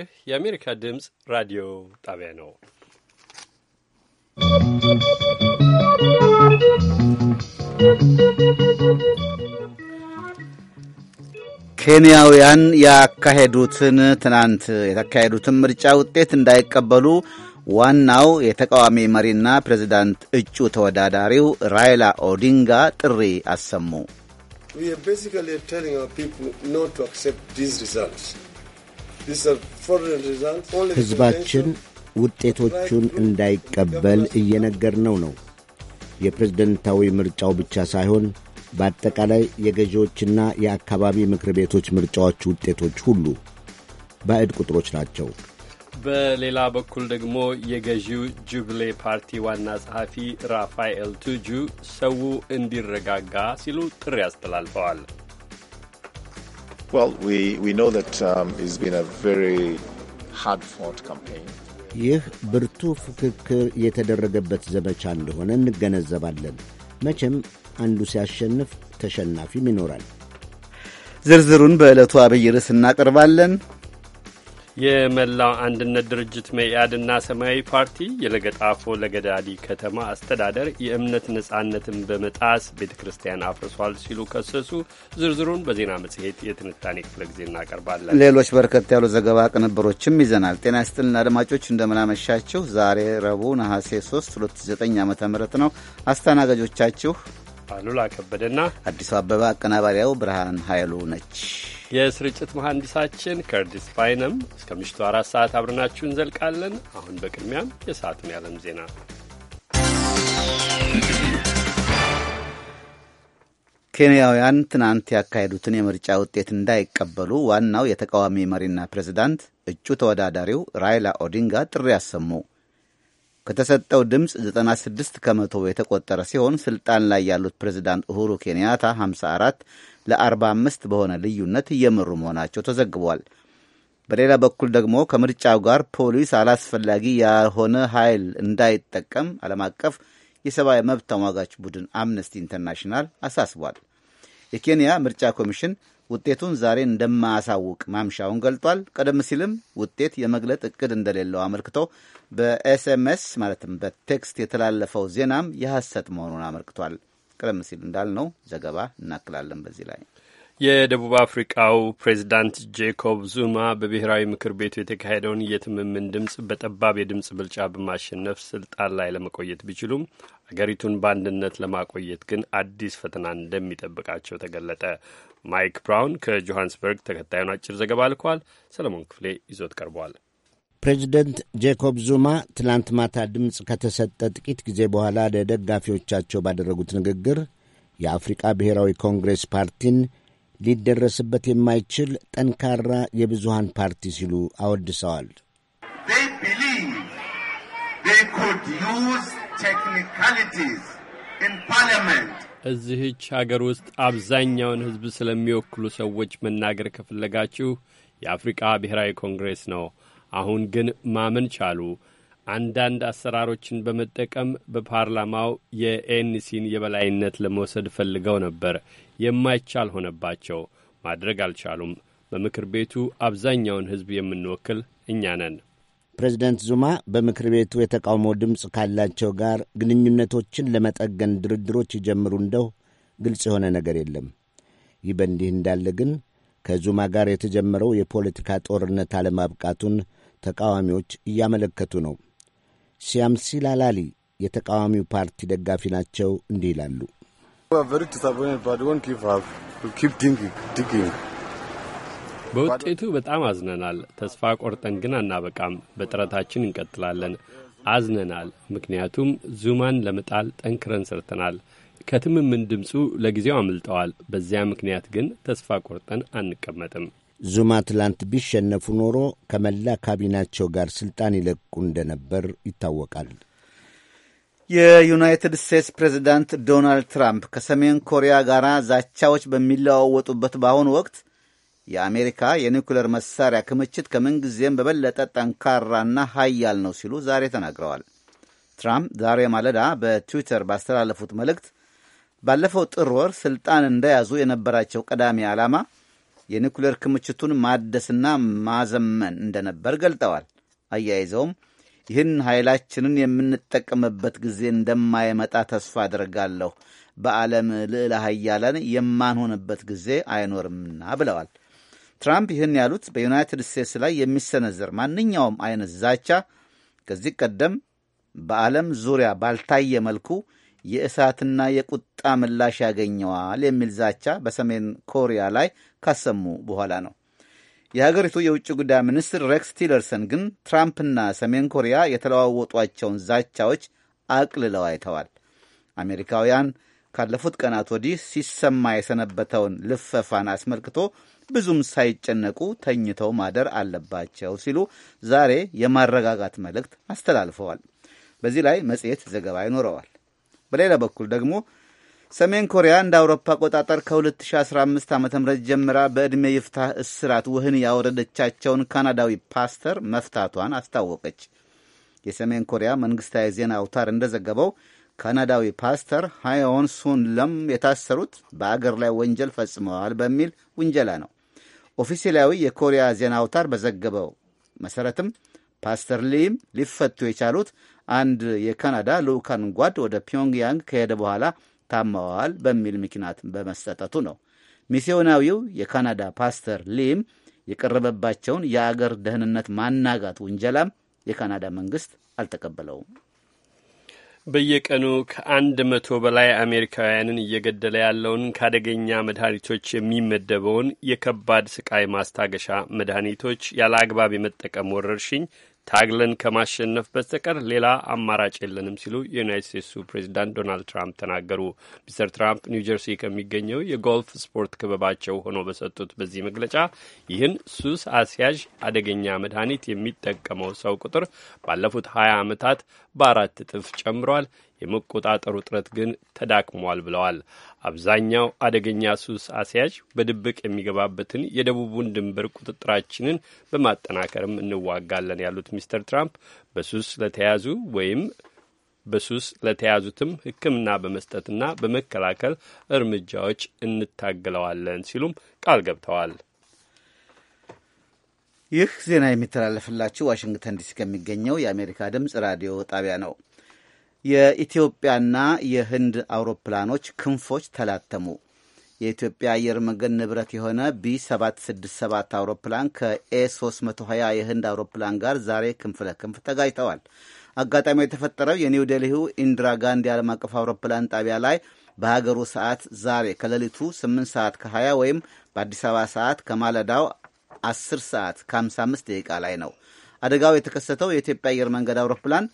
ይህ የአሜሪካ ድምፅ ራዲዮ ጣቢያ ነው። ኬንያውያን ያካሄዱትን ትናንት የተካሄዱትን ምርጫ ውጤት እንዳይቀበሉ ዋናው የተቃዋሚ መሪና ፕሬዚዳንት እጩ ተወዳዳሪው ራይላ ኦዲንጋ ጥሪ አሰሙ። ሕዝባችን ውጤቶቹን እንዳይቀበል እየነገርነው ነው። የፕሬዝደንታዊ ምርጫው ብቻ ሳይሆን በአጠቃላይ የገዢዎችና የአካባቢ ምክር ቤቶች ምርጫዎች ውጤቶች ሁሉ ባዕድ ቁጥሮች ናቸው። በሌላ በኩል ደግሞ የገዢው ጁብሌ ፓርቲ ዋና ጸሐፊ ራፋኤል ቱጁ ሰው እንዲረጋጋ ሲሉ ጥሪ አስተላልፈዋል። ይህ ብርቱ ፉክክር የተደረገበት ዘመቻ እንደሆነ እንገነዘባለን። መቼም አንዱ ሲያሸንፍ ተሸናፊም ይኖራል። ዝርዝሩን በዕለቱ አብይ ርዕስ እናቀርባለን። የመላው አንድነት ድርጅት መኢአድና ሰማያዊ ፓርቲ የለገጣፎ ለገዳዲ ከተማ አስተዳደር የእምነት ነጻነትን በመጣስ ቤተ ክርስቲያን አፍርሷል ሲሉ ከሰሱ። ዝርዝሩን በዜና መጽሔት የትንታኔ ክፍለ ጊዜ እናቀርባለን። ሌሎች በርከት ያሉ ዘገባ ቅንብሮችም ይዘናል። ጤና ይስጥልን አድማጮች እንደምናመሻችሁ። ዛሬ ረቡዕ ነሐሴ 3 2009 ዓ ም ነው። አስተናጋጆቻችሁ አሉላ ከበደና አዲሱ አበባ፣ አቀናባሪያው ብርሃን ኃይሉ ነች። የስርጭት መሐንዲሳችን ከርዲስ ፋይነም እስከ ምሽቱ አራት ሰዓት አብረናችሁ እንዘልቃለን። አሁን በቅድሚያም የሰዓቱን ያለም ዜና ኬንያውያን ትናንት ያካሄዱትን የምርጫ ውጤት እንዳይቀበሉ ዋናው የተቃዋሚ መሪና ፕሬዝዳንት እጩ ተወዳዳሪው ራይላ ኦዲንጋ ጥሪ አሰሙ። ከተሰጠው ድምፅ 96 ከመቶ የተቆጠረ ሲሆን ስልጣን ላይ ያሉት ፕሬዝዳንት ኡሁሩ ኬንያታ 54፣ ለ45 በሆነ ልዩነት እየመሩ መሆናቸው ተዘግቧል። በሌላ በኩል ደግሞ ከምርጫው ጋር ፖሊስ አላስፈላጊ ያልሆነ ኃይል እንዳይጠቀም ዓለም አቀፍ የሰብአዊ መብት ተሟጋች ቡድን አምነስቲ ኢንተርናሽናል አሳስቧል። የኬንያ ምርጫ ኮሚሽን ውጤቱን ዛሬ እንደማያሳውቅ ማምሻውን ገልጧል። ቀደም ሲልም ውጤት የመግለጥ እቅድ እንደሌለው አመልክቶ በኤስኤምኤስ ማለትም በቴክስት የተላለፈው ዜናም የሐሰት መሆኑን አመልክቷል። ቀደም ሲል እንዳልነው ዘገባ እናክላለን በዚህ ላይ። የደቡብ አፍሪቃው ፕሬዚዳንት ጄኮብ ዙማ በብሔራዊ ምክር ቤቱ የተካሄደውን የትምምን ድምፅ በጠባብ የድምፅ ብልጫ በማሸነፍ ስልጣን ላይ ለመቆየት ቢችሉም አገሪቱን በአንድነት ለማቆየት ግን አዲስ ፈተና እንደሚጠብቃቸው ተገለጠ። ማይክ ብራውን ከጆሃንስበርግ ተከታዩን አጭር ዘገባ ልኳል። ሰለሞን ክፍሌ ይዞት ቀርቧል። ፕሬዚደንት ጄኮብ ዙማ ትላንት ማታ ድምፅ ከተሰጠ ጥቂት ጊዜ በኋላ ለደጋፊዎቻቸው ባደረጉት ንግግር የአፍሪቃ ብሔራዊ ኮንግሬስ ፓርቲን ሊደረስበት የማይችል ጠንካራ የብዙሃን ፓርቲ ሲሉ አወድሰዋል። እዚህች አገር ውስጥ አብዛኛውን ሕዝብ ስለሚወክሉ ሰዎች መናገር ከፈለጋችሁ የአፍሪቃ ብሔራዊ ኮንግሬስ ነው አሁን ግን ማመን ቻሉ። አንዳንድ አሰራሮችን በመጠቀም በፓርላማው የኤንሲን የበላይነት ለመውሰድ ፈልገው ነበር። የማይቻል ሆነባቸው። ማድረግ አልቻሉም። በምክር ቤቱ አብዛኛውን ሕዝብ የምንወክል እኛ ነን። ፕሬዚደንት ዙማ በምክር ቤቱ የተቃውሞ ድምፅ ካላቸው ጋር ግንኙነቶችን ለመጠገን ድርድሮች ይጀምሩ እንደው ግልጽ የሆነ ነገር የለም። ይህ በእንዲህ እንዳለ ግን ከዙማ ጋር የተጀመረው የፖለቲካ ጦርነት አለማብቃቱን ተቃዋሚዎች እያመለከቱ ነው። ሲያምሲላ ላሊ የተቃዋሚው ፓርቲ ደጋፊ ናቸው። እንዲህ ይላሉ። በውጤቱ በጣም አዝነናል። ተስፋ ቆርጠን ግን አናበቃም። በጥረታችን እንቀጥላለን። አዝነናል፣ ምክንያቱም ዙማን ለመጣል ጠንክረን ሰርተናል። ከትምምን ድምፁ ለጊዜው አምልጠዋል። በዚያ ምክንያት ግን ተስፋ ቆርጠን አንቀመጥም። ዙማ ትላንት ቢሸነፉ ኖሮ ከመላ ካቢናቸው ጋር ስልጣን ይለቁ እንደነበር ይታወቃል። የዩናይትድ ስቴትስ ፕሬዚዳንት ዶናልድ ትራምፕ ከሰሜን ኮሪያ ጋር ዛቻዎች በሚለዋወጡበት በአሁኑ ወቅት የአሜሪካ የኒውክለር መሳሪያ ክምችት ከምንጊዜም በበለጠ ጠንካራና ሀያል ነው ሲሉ ዛሬ ተናግረዋል። ትራምፕ ዛሬ ማለዳ በትዊተር ባስተላለፉት መልእክት ባለፈው ጥር ወር ስልጣን እንደያዙ የነበራቸው ቀዳሚ ዓላማ የኒኩሌር ክምችቱን ማደስና ማዘመን እንደነበር ገልጠዋል። አያይዘውም ይህን ኃይላችንን የምንጠቀምበት ጊዜ እንደማይመጣ ተስፋ አድርጋለሁ። በዓለም ልዕለ ኃያላን የማንሆንበት ጊዜ አይኖርምና ብለዋል። ትራምፕ ይህን ያሉት በዩናይትድ ስቴትስ ላይ የሚሰነዘር ማንኛውም አይነት ዛቻ ከዚህ ቀደም በዓለም ዙሪያ ባልታየ መልኩ የእሳትና የቁጣ ምላሽ ያገኘዋል የሚል ዛቻ በሰሜን ኮሪያ ላይ ካሰሙ በኋላ ነው። የሀገሪቱ የውጭ ጉዳይ ሚኒስትር ሬክስ ቲለርሰን ግን ትራምፕና ሰሜን ኮሪያ የተለዋወጧቸውን ዛቻዎች አቅልለው አይተዋል። አሜሪካውያን ካለፉት ቀናት ወዲህ ሲሰማ የሰነበተውን ልፈፋን አስመልክቶ ብዙም ሳይጨነቁ ተኝተው ማደር አለባቸው ሲሉ ዛሬ የማረጋጋት መልእክት አስተላልፈዋል። በዚህ ላይ መጽሔት ዘገባ ይኖረዋል። በሌላ በኩል ደግሞ ሰሜን ኮሪያ እንደ አውሮፓ አቆጣጠር ከ2015 ዓ ም ጀምራ በዕድሜ ይፍታህ እስራት ውህን ያወረደቻቸውን ካናዳዊ ፓስተር መፍታቷን አስታወቀች። የሰሜን ኮሪያ መንግሥታዊ ዜና አውታር እንደዘገበው ካናዳዊ ፓስተር ሃዮን ሱን ለም የታሰሩት በአገር ላይ ወንጀል ፈጽመዋል በሚል ውንጀላ ነው። ኦፊሴላዊ የኮሪያ ዜና አውታር በዘገበው መሠረትም ፓስተር ሊም ሊፈቱ የቻሉት አንድ የካናዳ ልዑካን ጓድ ወደ ፒዮንግያንግ ከሄደ በኋላ ታማዋል በሚል ምክንያት በመሰጠቱ ነው። ሚስዮናዊው የካናዳ ፓስተር ሊም የቀረበባቸውን የአገር ደህንነት ማናጋት ውንጀላም የካናዳ መንግስት አልተቀበለውም። በየቀኑ ከአንድ መቶ በላይ አሜሪካውያንን እየገደለ ያለውን ከአደገኛ መድኃኒቶች የሚመደበውን የከባድ ስቃይ ማስታገሻ መድኃኒቶች ያለ አግባብ የመጠቀም ወረርሽኝ ታግለን ከማሸነፍ በስተቀር ሌላ አማራጭ የለንም ሲሉ የዩናይት ስቴትሱ ፕሬዚዳንት ዶናልድ ትራምፕ ተናገሩ። ሚስተር ትራምፕ ኒውጀርሲ ከሚገኘው የጎልፍ ስፖርት ክበባቸው ሆነው በሰጡት በዚህ መግለጫ ይህን ሱስ አስያዥ አደገኛ መድኃኒት የሚጠቀመው ሰው ቁጥር ባለፉት ሀያ ዓመታት በአራት እጥፍ ጨምሯል። የመቆጣጠሩ ጥረት ግን ተዳክሟል ብለዋል። አብዛኛው አደገኛ ሱስ አስያዥ በድብቅ የሚገባበትን የደቡቡን ድንበር ቁጥጥራችንን በማጠናከርም እንዋጋለን ያሉት ሚስተር ትራምፕ በሱስ ለተያዙ ወይም በሱስ ለተያዙትም ሕክምና በመስጠትና በመከላከል እርምጃዎች እንታግለዋለን ሲሉም ቃል ገብተዋል። ይህ ዜና የሚተላለፍላችሁ ዋሽንግተን ዲሲ ከሚገኘው የአሜሪካ ድምፅ ራዲዮ ጣቢያ ነው። የኢትዮጵያና የህንድ አውሮፕላኖች ክንፎች ተላተሙ። የኢትዮጵያ አየር መንገድ ንብረት የሆነ ቢ767 አውሮፕላን ከኤ320 የህንድ አውሮፕላን ጋር ዛሬ ክንፍ ለክንፍ ተጋጭተዋል። አጋጣሚው የተፈጠረው የኒው ዴልሂው ኢንዲራ ጋንዲ ዓለም አቀፍ አውሮፕላን ጣቢያ ላይ በሀገሩ ሰዓት ዛሬ ከሌሊቱ 8 ሰዓት ከ20 ወይም በአዲስ አበባ ሰዓት ከማለዳው 10 ሰዓት ከ55 ደቂቃ ላይ ነው። አደጋው የተከሰተው የኢትዮጵያ አየር መንገድ አውሮፕላን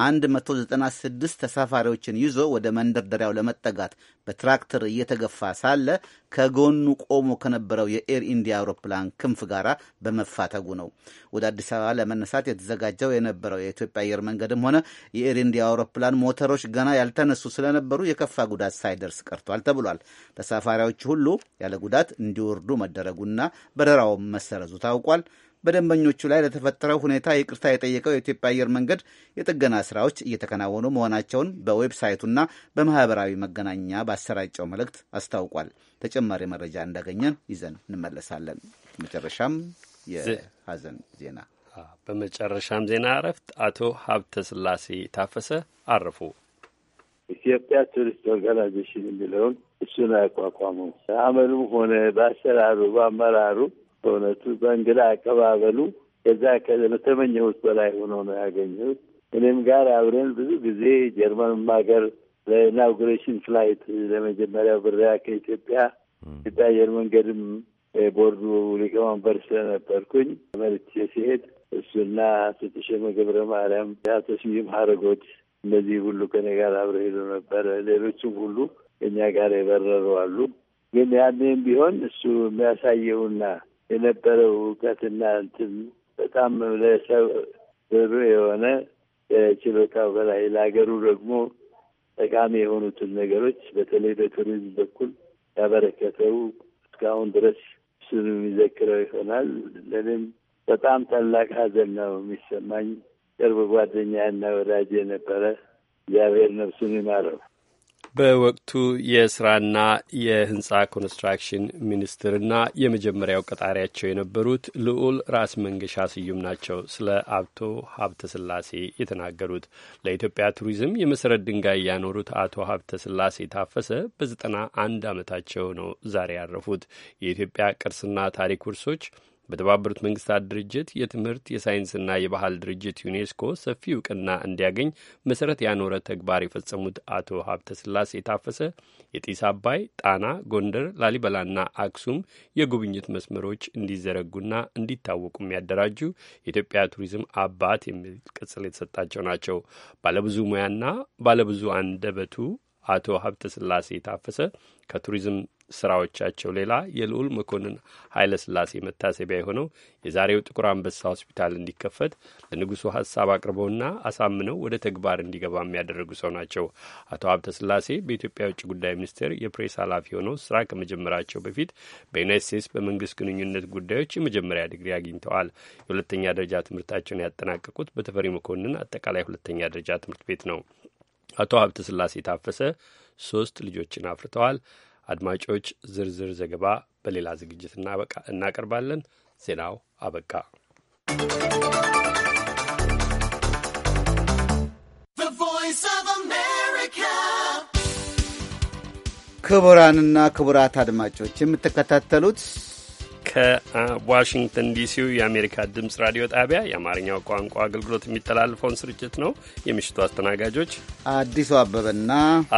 196 ተሳፋሪዎችን ይዞ ወደ መንደርደሪያው ለመጠጋት በትራክተር እየተገፋ ሳለ ከጎኑ ቆሞ ከነበረው የኤር ኢንዲያ አውሮፕላን ክንፍ ጋር በመፋተጉ ነው። ወደ አዲስ አበባ ለመነሳት የተዘጋጀው የነበረው የኢትዮጵያ አየር መንገድም ሆነ የኤር ኢንዲያ አውሮፕላን ሞተሮች ገና ያልተነሱ ስለነበሩ የከፋ ጉዳት ሳይደርስ ቀርቷል ተብሏል። ተሳፋሪዎች ሁሉ ያለ ጉዳት እንዲወርዱ መደረጉና በረራው መሰረዙ ታውቋል። በደንበኞቹ ላይ ለተፈጠረው ሁኔታ ይቅርታ የጠየቀው የኢትዮጵያ አየር መንገድ የጥገና ስራዎች እየተከናወኑ መሆናቸውን በዌብሳይቱና በማህበራዊ መገናኛ ባሰራጨው መልእክት አስታውቋል። ተጨማሪ መረጃ እንዳገኘን ይዘን እንመለሳለን። መጨረሻም የሀዘን ዜና በመጨረሻም ዜና እረፍት አቶ ሀብተ ስላሴ ታፈሰ አረፉ። ኢትዮጵያ ቱሪስት ኦርጋናይዜሽን የሚለውን እሱን አያቋቋሙ አመሉም ሆነ በአሰራሩ በአመራሩ በእውነቱ በእንግዳ አቀባበሉ ከዛ ከተመኘሁት በላይ ሆኖ ነው ያገኘሁት። እኔም ጋር አብረን ብዙ ጊዜ ጀርመን ሀገር ለኢናውጉሬሽን ፍላይት ለመጀመሪያው ብሪያ ከኢትዮጵያ ኢትዮጵያ አየር መንገድም ቦርዱ ሊቀመንበር ስለነበርኩኝ መርቼ ሲሄድ እሱና ስትሸመ ገብረ ማርያም፣ አቶ ስዩም ሀረጎች እነዚህ ሁሉ ከኔ ጋር አብረ ሄዱ ነበረ። ሌሎችም ሁሉ እኛ ጋር የበረሩ አሉ። ግን ያኔም ቢሆን እሱ የሚያሳየውና የነበረው እውቀትና እንትን በጣም ለሰው ብሩ የሆነ ችሎታው በላይ ለሀገሩ ደግሞ ጠቃሚ የሆኑትን ነገሮች በተለይ በቱሪዝም በኩል ያበረከተው እስካሁን ድረስ እሱን የሚዘክረው ይሆናል። ለእኔም በጣም ታላቅ ሐዘን ነው የሚሰማኝ። ቅርብ ጓደኛና ወዳጅ የነበረ እግዚአብሔር ነፍሱን ይማረው። በወቅቱ የስራና የህንጻ ኮንስትራክሽን ሚኒስትርና የመጀመሪያው ቀጣሪያቸው የነበሩት ልዑል ራስ መንገሻ ስዩም ናቸው። ስለ አቶ ሀብተ ስላሴ የተናገሩት ለኢትዮጵያ ቱሪዝም የመሰረት ድንጋይ ያኖሩት አቶ ሀብተ ስላሴ ታፈሰ በዘጠና አንድ ዓመታቸው ነው ዛሬ ያረፉት። የኢትዮጵያ ቅርስና ታሪክ ውርሶች በተባበሩት መንግስታት ድርጅት የትምህርት የሳይንስና የባህል ድርጅት ዩኔስኮ ሰፊ እውቅና እንዲያገኝ መሰረት ያኖረ ተግባር የፈጸሙት አቶ ሀብተ ስላሴ የታፈሰ የጢስ አባይ፣ ጣና፣ ጎንደር፣ ላሊበላና አክሱም የጉብኝት መስመሮች እንዲዘረጉና እንዲታወቁ የሚያደራጁ የኢትዮጵያ ቱሪዝም አባት የሚል ቅጽል የተሰጣቸው ናቸው። ባለብዙ ሙያና ባለብዙ አንደበቱ አቶ ሀብተ ስላሴ የታፈሰ ከቱሪዝም ስራዎቻቸው ሌላ የልዑል መኮንን ኃይለ ሥላሴ መታሰቢያ የሆነው የዛሬው ጥቁር አንበሳ ሆስፒታል እንዲከፈት ለንጉሱ ሀሳብ አቅርበውና አሳምነው ወደ ተግባር እንዲገባ የሚያደረጉ ሰው ናቸው። አቶ ሀብተ ሥላሴ በኢትዮጵያ የውጭ ጉዳይ ሚኒስቴር የፕሬስ ኃላፊ ሆነው ስራ ከመጀመራቸው በፊት በዩናይት ስቴትስ በመንግስት ግንኙነት ጉዳዮች የመጀመሪያ ዲግሪ አግኝተዋል። የሁለተኛ ደረጃ ትምህርታቸውን ያጠናቀቁት በተፈሪ መኮንን አጠቃላይ ሁለተኛ ደረጃ ትምህርት ቤት ነው። አቶ ሀብተ ሥላሴ ታፈሰ ሶስት ልጆችን አፍርተዋል። አድማጮች፣ ዝርዝር ዘገባ በሌላ ዝግጅት እናቀርባለን። ዜናው አበቃ። ክቡራንና ክቡራት አድማጮች የምትከታተሉት ከዋሽንግተን ዲሲው የአሜሪካ ድምፅ ራዲዮ ጣቢያ የአማርኛው ቋንቋ አገልግሎት የሚተላልፈውን ስርጭት ነው። የምሽቱ አስተናጋጆች አዲሱ አበበና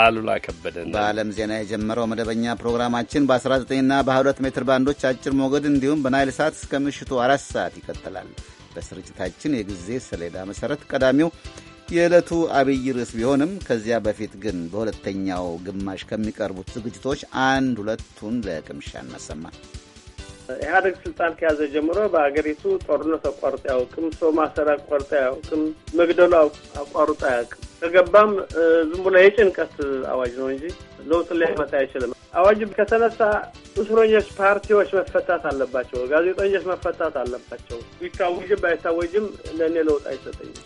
አሉላ ከበደን። በዓለም ዜና የጀመረው መደበኛ ፕሮግራማችን በ19ና በ22 ሜትር ባንዶች አጭር ሞገድ እንዲሁም በናይል ሰዓት እስከ ምሽቱ አራት ሰዓት ይቀጥላል። በስርጭታችን የጊዜ ሰሌዳ መሰረት ቀዳሚው የዕለቱ አብይ ርዕስ ቢሆንም ከዚያ በፊት ግን በሁለተኛው ግማሽ ከሚቀርቡት ዝግጅቶች አንድ ሁለቱን ለቅምሻ እናሰማል። ኢህአዴግ ስልጣን ከያዘ ጀምሮ በሀገሪቱ ጦርነት አቋርጦ አያውቅም። ሰው ማሰር አቋርጦ አያውቅም። መግደሉ አቋርጦ አያውቅም። ከገባም ዝም ብሎ የጭንቀት አዋጅ ነው እንጂ ለውጥ ሊያመጣ አይችልም። አዋጅ ከተነሳ እስረኞች ፓርቲዎች መፈታት አለባቸው፣ ጋዜጠኞች መፈታት አለባቸው። ቢታወጅም ባይታወጅም ለእኔ ለውጥ አይሰጠኝም።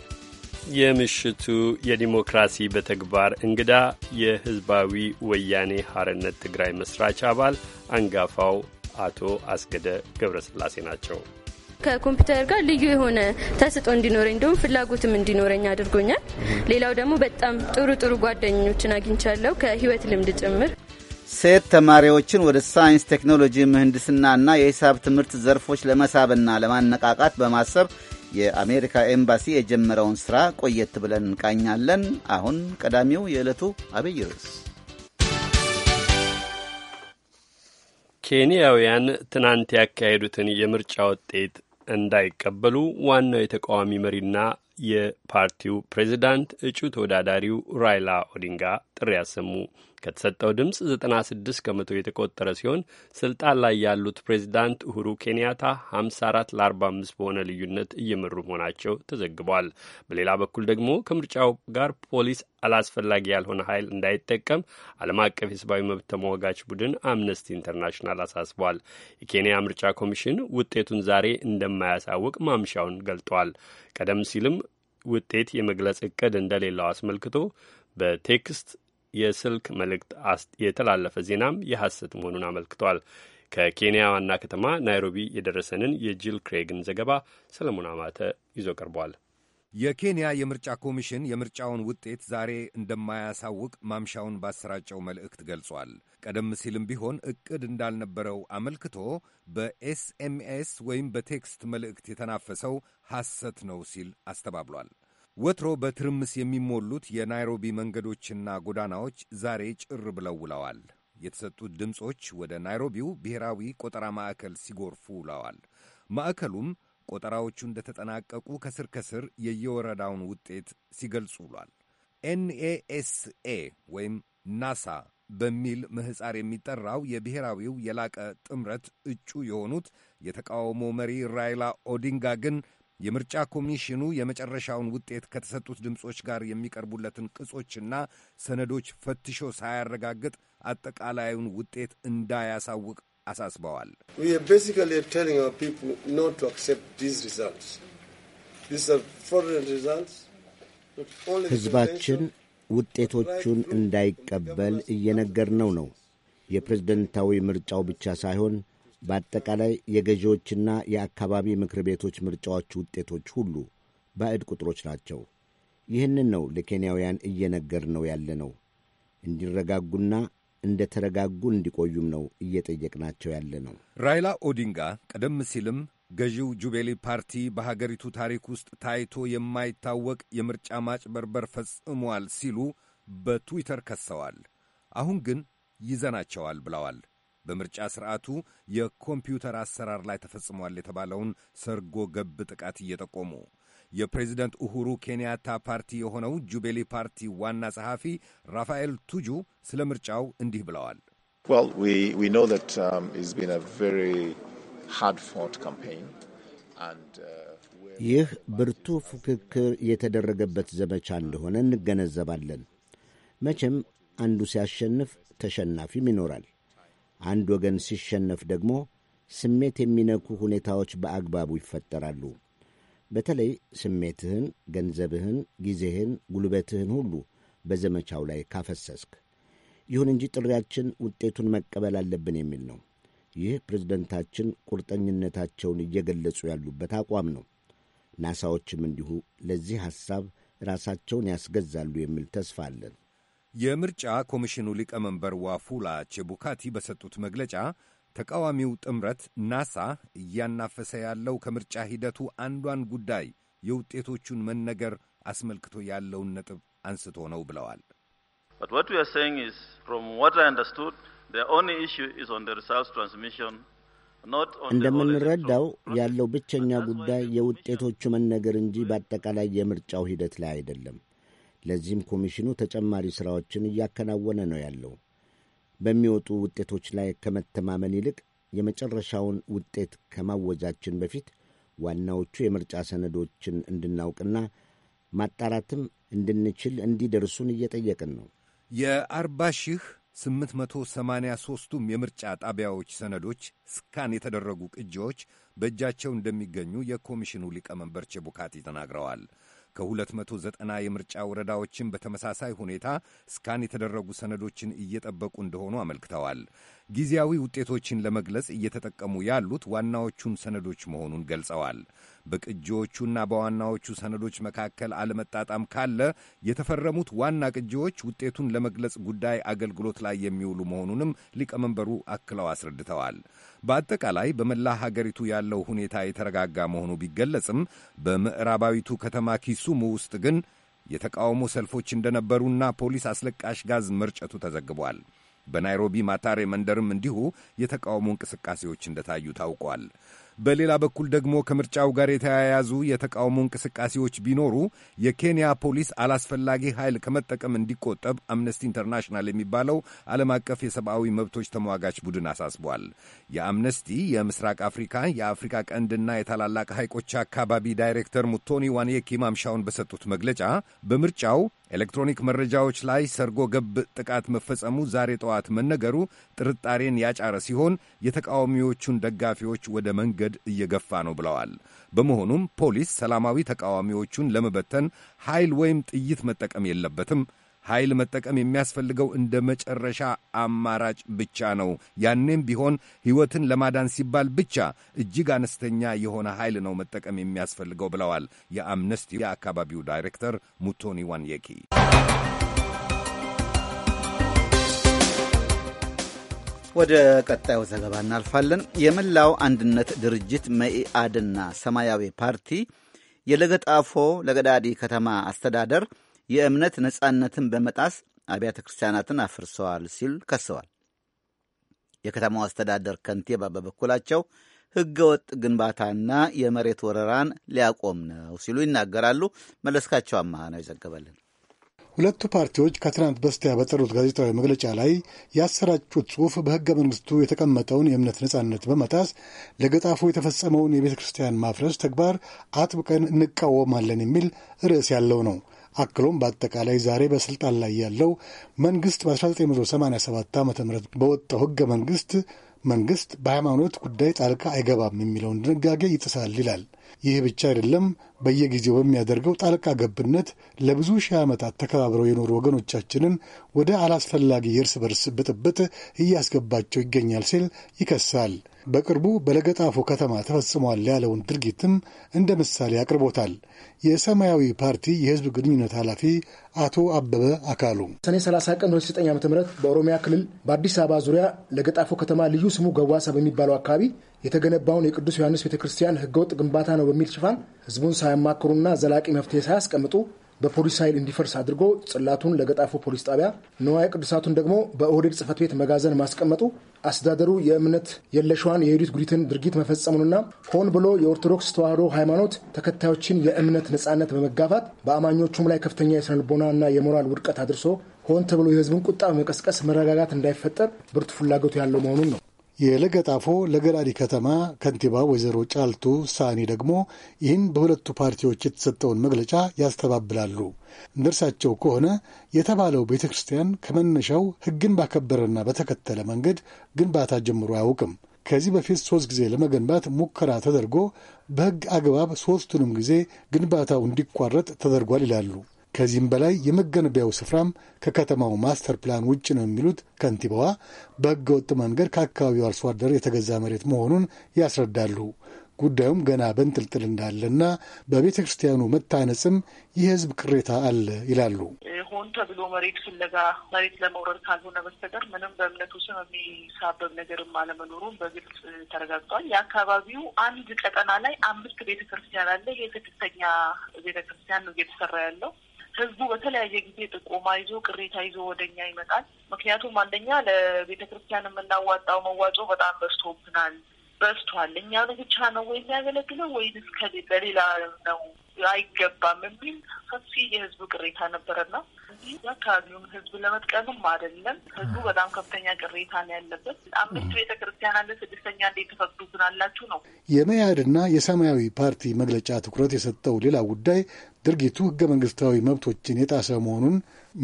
የምሽቱ የዲሞክራሲ በተግባር እንግዳ የህዝባዊ ወያኔ ሀርነት ትግራይ መስራች አባል አንጋፋው አቶ አስገደ ገብረስላሴ ናቸው። ከኮምፒውተር ጋር ልዩ የሆነ ተስጦ እንዲኖረኝ እንዲሁም ፍላጎትም እንዲኖረኝ አድርጎኛል። ሌላው ደግሞ በጣም ጥሩ ጥሩ ጓደኞችን አግኝቻለሁ ከህይወት ልምድ ጭምር። ሴት ተማሪዎችን ወደ ሳይንስ፣ ቴክኖሎጂ፣ ምህንድስናና የሂሳብ ትምህርት ዘርፎች ለመሳብና ለማነቃቃት በማሰብ የአሜሪካ ኤምባሲ የጀመረውን ስራ ቆየት ብለን እንቃኛለን። አሁን ቀዳሚው የዕለቱ አብይ ርዕስ ኬንያውያን ትናንት ያካሄዱትን የምርጫ ውጤት እንዳይቀበሉ ዋናው የተቃዋሚ መሪና የፓርቲው ፕሬዚዳንት እጩ ተወዳዳሪው ራይላ ኦዲንጋ ጥሪ አሰሙ ከተሰጠው ድምፅ 96 ከመቶ የተቆጠረ ሲሆን ስልጣን ላይ ያሉት ፕሬዚዳንት ኡሁሩ ኬንያታ 54 ለ45 በሆነ ልዩነት እየመሩ መሆናቸው ተዘግቧል። በሌላ በኩል ደግሞ ከምርጫው ጋር ፖሊስ አላስፈላጊ ያልሆነ ኃይል እንዳይጠቀም ዓለም አቀፍ የሰብአዊ መብት ተሟጋች ቡድን አምነስቲ ኢንተርናሽናል አሳስቧል። የኬንያ ምርጫ ኮሚሽን ውጤቱን ዛሬ እንደማያሳውቅ ማምሻውን ገልጧል። ቀደም ሲልም ውጤት የመግለጽ እቅድ እንደሌለው አስመልክቶ በቴክስት የስልክ መልእክት የተላለፈ ዜናም የሐሰት መሆኑን አመልክቷል። ከኬንያ ዋና ከተማ ናይሮቢ የደረሰንን የጂል ክሬግን ዘገባ ሰለሞን አማተ ይዞ ቀርቧል። የኬንያ የምርጫ ኮሚሽን የምርጫውን ውጤት ዛሬ እንደማያሳውቅ ማምሻውን ባሰራጨው መልእክት ገልጿል። ቀደም ሲልም ቢሆን እቅድ እንዳልነበረው አመልክቶ በኤስኤምኤስ ወይም በቴክስት መልእክት የተናፈሰው ሐሰት ነው ሲል አስተባብሏል። ወትሮ በትርምስ የሚሞሉት የናይሮቢ መንገዶችና ጎዳናዎች ዛሬ ጭር ብለው ውለዋል። የተሰጡት ድምፆች ወደ ናይሮቢው ብሔራዊ ቆጠራ ማዕከል ሲጎርፉ ውለዋል። ማዕከሉም ቆጠራዎቹ እንደተጠናቀቁ ከስር ከስር የየወረዳውን ውጤት ሲገልጹ ውሏል። ኤንኤኤስኤ ወይም ናሳ በሚል ምህፃር የሚጠራው የብሔራዊው የላቀ ጥምረት እጩ የሆኑት የተቃውሞ መሪ ራይላ ኦዲንጋ ግን የምርጫ ኮሚሽኑ የመጨረሻውን ውጤት ከተሰጡት ድምፆች ጋር የሚቀርቡለትን ቅጾችና ሰነዶች ፈትሾ ሳያረጋግጥ አጠቃላዩን ውጤት እንዳያሳውቅ አሳስበዋል። ህዝባችን ውጤቶቹን እንዳይቀበል እየነገርነው ነው። የፕሬዝደንታዊ ምርጫው ብቻ ሳይሆን በአጠቃላይ የገዢዎችና የአካባቢ ምክር ቤቶች ምርጫዎች ውጤቶች ሁሉ ባዕድ ቁጥሮች ናቸው። ይህንን ነው ለኬንያውያን እየነገር ነው ያለ ነው እንዲረጋጉና ተረጋጉ እንዲቆዩም ነው እየጠየቅናቸው ያለ ነው። ራይላ ኦዲንጋ ቀደም ሲልም ገዢው ጁቤሊ ፓርቲ በሀገሪቱ ታሪክ ውስጥ ታይቶ የማይታወቅ የምርጫ ማጭበርበር ፈጽሟል ሲሉ በትዊተር ከሰዋል። አሁን ግን ይዘናቸዋል ብለዋል። በምርጫ ሥርዓቱ የኮምፒውተር አሰራር ላይ ተፈጽሟል የተባለውን ሰርጎ ገብ ጥቃት እየጠቆሙ የፕሬዚደንት ኡሁሩ ኬንያታ ፓርቲ የሆነው ጁቤሊ ፓርቲ ዋና ጸሐፊ ራፋኤል ቱጁ ስለ ምርጫው እንዲህ ብለዋል። um, uh, ይህ ብርቱ ፉክክር የተደረገበት ዘመቻ እንደሆነ እንገነዘባለን። መቼም አንዱ ሲያሸንፍ ተሸናፊም ይኖራል። አንድ ወገን ሲሸነፍ ደግሞ ስሜት የሚነኩ ሁኔታዎች በአግባቡ ይፈጠራሉ። በተለይ ስሜትህን፣ ገንዘብህን፣ ጊዜህን፣ ጉልበትህን ሁሉ በዘመቻው ላይ ካፈሰስክ። ይሁን እንጂ ጥሪያችን ውጤቱን መቀበል አለብን የሚል ነው። ይህ ፕሬዝደንታችን ቁርጠኝነታቸውን እየገለጹ ያሉበት አቋም ነው። ናሳዎችም እንዲሁ ለዚህ ሐሳብ ራሳቸውን ያስገዛሉ የሚል ተስፋ አለን። የምርጫ ኮሚሽኑ ሊቀመንበር ዋፉላ ቼቡካቲ በሰጡት መግለጫ ተቃዋሚው ጥምረት ናሳ እያናፈሰ ያለው ከምርጫ ሂደቱ አንዷን ጉዳይ የውጤቶቹን መነገር አስመልክቶ ያለውን ነጥብ አንስቶ ነው ብለዋል። እንደምንረዳው ያለው ብቸኛ ጉዳይ የውጤቶቹ መነገር እንጂ በአጠቃላይ የምርጫው ሂደት ላይ አይደለም። ለዚህም ኮሚሽኑ ተጨማሪ ሥራዎችን እያከናወነ ነው ያለው። በሚወጡ ውጤቶች ላይ ከመተማመን ይልቅ የመጨረሻውን ውጤት ከማወጃችን በፊት ዋናዎቹ የምርጫ ሰነዶችን እንድናውቅና ማጣራትም እንድንችል እንዲደርሱን እየጠየቅን ነው። የአርባ ሺህ ስምንት መቶ ሰማንያ ሦስቱም የምርጫ ጣቢያዎች ሰነዶች ስካን የተደረጉ ቅጂዎች በእጃቸው እንደሚገኙ የኮሚሽኑ ሊቀመንበር ቼቡካቲ ተናግረዋል። ከ290 የምርጫ ወረዳዎችን በተመሳሳይ ሁኔታ ስካን የተደረጉ ሰነዶችን እየጠበቁ እንደሆኑ አመልክተዋል። ጊዜያዊ ውጤቶችን ለመግለጽ እየተጠቀሙ ያሉት ዋናዎቹን ሰነዶች መሆኑን ገልጸዋል። በቅጂዎቹና በዋናዎቹ ሰነዶች መካከል አለመጣጣም ካለ የተፈረሙት ዋና ቅጂዎች ውጤቱን ለመግለጽ ጉዳይ አገልግሎት ላይ የሚውሉ መሆኑንም ሊቀመንበሩ አክለው አስረድተዋል። በአጠቃላይ በመላ ሀገሪቱ ያለው ሁኔታ የተረጋጋ መሆኑ ቢገለጽም በምዕራባዊቱ ከተማ ኪሱሙ ውስጥ ግን የተቃውሞ ሰልፎች እንደነበሩና ፖሊስ አስለቃሽ ጋዝ መርጨቱ ተዘግቧል። በናይሮቢ ማታሬ መንደርም እንዲሁ የተቃውሞ እንቅስቃሴዎች እንደታዩ ታውቋል። በሌላ በኩል ደግሞ ከምርጫው ጋር የተያያዙ የተቃውሞ እንቅስቃሴዎች ቢኖሩ የኬንያ ፖሊስ አላስፈላጊ ኃይል ከመጠቀም እንዲቆጠብ አምነስቲ ኢንተርናሽናል የሚባለው ዓለም አቀፍ የሰብአዊ መብቶች ተሟጋች ቡድን አሳስቧል። የአምነስቲ የምስራቅ አፍሪካ የአፍሪካ ቀንድና የታላላቅ ሐይቆች አካባቢ ዳይሬክተር ሙቶኒ ዋንየኪ ማምሻውን በሰጡት መግለጫ በምርጫው ኤሌክትሮኒክ መረጃዎች ላይ ሰርጎ ገብ ጥቃት መፈጸሙ ዛሬ ጠዋት መነገሩ ጥርጣሬን ያጫረ ሲሆን የተቃዋሚዎቹን ደጋፊዎች ወደ መንገድ መንገድ እየገፋ ነው ብለዋል። በመሆኑም ፖሊስ ሰላማዊ ተቃዋሚዎቹን ለመበተን ኃይል ወይም ጥይት መጠቀም የለበትም። ኃይል መጠቀም የሚያስፈልገው እንደ መጨረሻ አማራጭ ብቻ ነው። ያኔም ቢሆን ሕይወትን ለማዳን ሲባል ብቻ እጅግ አነስተኛ የሆነ ኃይል ነው መጠቀም የሚያስፈልገው ብለዋል የአምነስቲ የአካባቢው ዳይሬክተር ሙቶኒ ዋንየኪ። ወደ ቀጣዩ ዘገባ እናልፋለን። የመላው አንድነት ድርጅት መኢአድና ሰማያዊ ፓርቲ የለገጣፎ ለገዳዲ ከተማ አስተዳደር የእምነት ነጻነትን በመጣስ አብያተ ክርስቲያናትን አፍርሰዋል ሲል ከሰዋል። የከተማው አስተዳደር ከንቲባ በበኩላቸው ወጥ ግንባታና የመሬት ወረራን ሊያቆም ነው ሲሉ ይናገራሉ። መለስካቸው አማሃ ነው የዘገበልን። ሁለቱ ፓርቲዎች ከትናንት በስቲያ በጠሩት ጋዜጣዊ መግለጫ ላይ ያሰራጩት ጽሑፍ በሕገ መንግሥቱ የተቀመጠውን የእምነት ነጻነት በመጣስ ለገጣፉ የተፈጸመውን የቤተ ክርስቲያን ማፍረስ ተግባር አጥብቀን እንቃወማለን የሚል ርዕስ ያለው ነው። አክሎም በአጠቃላይ ዛሬ በስልጣን ላይ ያለው መንግሥት በ1987 ዓ ም በወጣው ሕገ መንግሥት መንግሥት በሃይማኖት ጉዳይ ጣልቃ አይገባም የሚለውን ድንጋጌ ይጥሳል ይላል። ይህ ብቻ አይደለም። በየጊዜው በሚያደርገው ጣልቃ ገብነት ለብዙ ሺህ ዓመታት ተከባብረው የኖሩ ወገኖቻችንን ወደ አላስፈላጊ የእርስ በርስ ብጥብጥ እያስገባቸው ይገኛል ሲል ይከሳል። በቅርቡ በለገጣፎ ከተማ ተፈጽሟል ያለውን ድርጊትም እንደ ምሳሌ አቅርቦታል። የሰማያዊ ፓርቲ የህዝብ ግንኙነት ኃላፊ አቶ አበበ አካሉ ሰኔ 30 ቀን 2009 ዓ ም በኦሮሚያ ክልል በአዲስ አበባ ዙሪያ ለገጣፎ ከተማ ልዩ ስሙ ገዋሳ በሚባለው አካባቢ የተገነባውን የቅዱስ ዮሐንስ ቤተ ክርስቲያን ህገወጥ ግንባታ ነው በሚል ሽፋን ህዝቡን ሳያማክሩና ዘላቂ መፍትሄ ሳያስቀምጡ በፖሊስ ኃይል እንዲፈርስ አድርጎ ጽላቱን ለገጣፎ ፖሊስ ጣቢያ፣ ንዋየ ቅዱሳቱን ደግሞ በኦህዴድ ጽህፈት ቤት መጋዘን ማስቀመጡ አስተዳደሩ የእምነት የለሸዋን የዩዲት ጉዲትን ድርጊት መፈጸሙንና ሆን ብሎ የኦርቶዶክስ ተዋሕዶ ሃይማኖት ተከታዮችን የእምነት ነጻነት በመጋፋት በአማኞቹም ላይ ከፍተኛ የስነልቦናና የሞራል ውድቀት አድርሶ ሆን ተብሎ የህዝብን ቁጣ በመቀስቀስ መረጋጋት እንዳይፈጠር ብርቱ ፍላጎቱ ያለው መሆኑን ነው። የለገጣፎ ለገራሪ ከተማ ከንቲባ ወይዘሮ ጫልቱ ሳኒ ደግሞ ይህን በሁለቱ ፓርቲዎች የተሰጠውን መግለጫ ያስተባብላሉ። እንደርሳቸው ከሆነ የተባለው ቤተ ክርስቲያን ከመነሻው ሕግን ባከበረና በተከተለ መንገድ ግንባታ ጀምሮ አያውቅም። ከዚህ በፊት ሶስት ጊዜ ለመገንባት ሙከራ ተደርጎ በሕግ አግባብ ሶስቱንም ጊዜ ግንባታው እንዲቋረጥ ተደርጓል ይላሉ። ከዚህም በላይ የመገነቢያው ስፍራም ከከተማው ማስተር ፕላን ውጭ ነው የሚሉት ከንቲባዋ በሕገ ወጥ መንገድ ከአካባቢው አርሶ አደር የተገዛ መሬት መሆኑን ያስረዳሉ። ጉዳዩም ገና በንጥልጥል እንዳለና በቤተ ክርስቲያኑ መታነጽም የህዝብ ቅሬታ አለ ይላሉ። ሆን ተብሎ መሬት ፍለጋ መሬት ለመውረድ ካልሆነ በስተቀር ምንም በእምነቱ ስም የሚሳበብ ነገርም አለመኖሩን በግልጽ ተረጋግጧል። የአካባቢው አንድ ቀጠና ላይ አምስት ቤተ ክርስቲያን አለ። ይህ ስድስተኛ ቤተ ክርስቲያን ነው እየተሰራ ያለው ህዝቡ በተለያየ ጊዜ ጥቆማ ይዞ ቅሬታ ይዞ ወደኛ ይመጣል። ምክንያቱም አንደኛ ለቤተ ክርስቲያን የምናዋጣው መዋጮ በጣም በዝቶብናል በዝቷል። እኛን ብቻ ነው ወይ የሚያገለግለው ወይንስ ለሌላ ነው አይገባም የሚል ሰፊ የህዝብ ቅሬታ ነበረና የአካባቢውን ህዝብ ለመጥቀምም አይደለም ህዝቡ በጣም ከፍተኛ ቅሬታ ነው ያለበት። አምስት ቤተ ክርስቲያን አለ፣ ስድስተኛ እንዴት ተፈቅዱብን አላችሁ ነው የመያድና የሰማያዊ ፓርቲ መግለጫ ትኩረት የሰጠው ሌላ ጉዳይ ድርጊቱ ህገ መንግስታዊ መብቶችን የጣሰ መሆኑን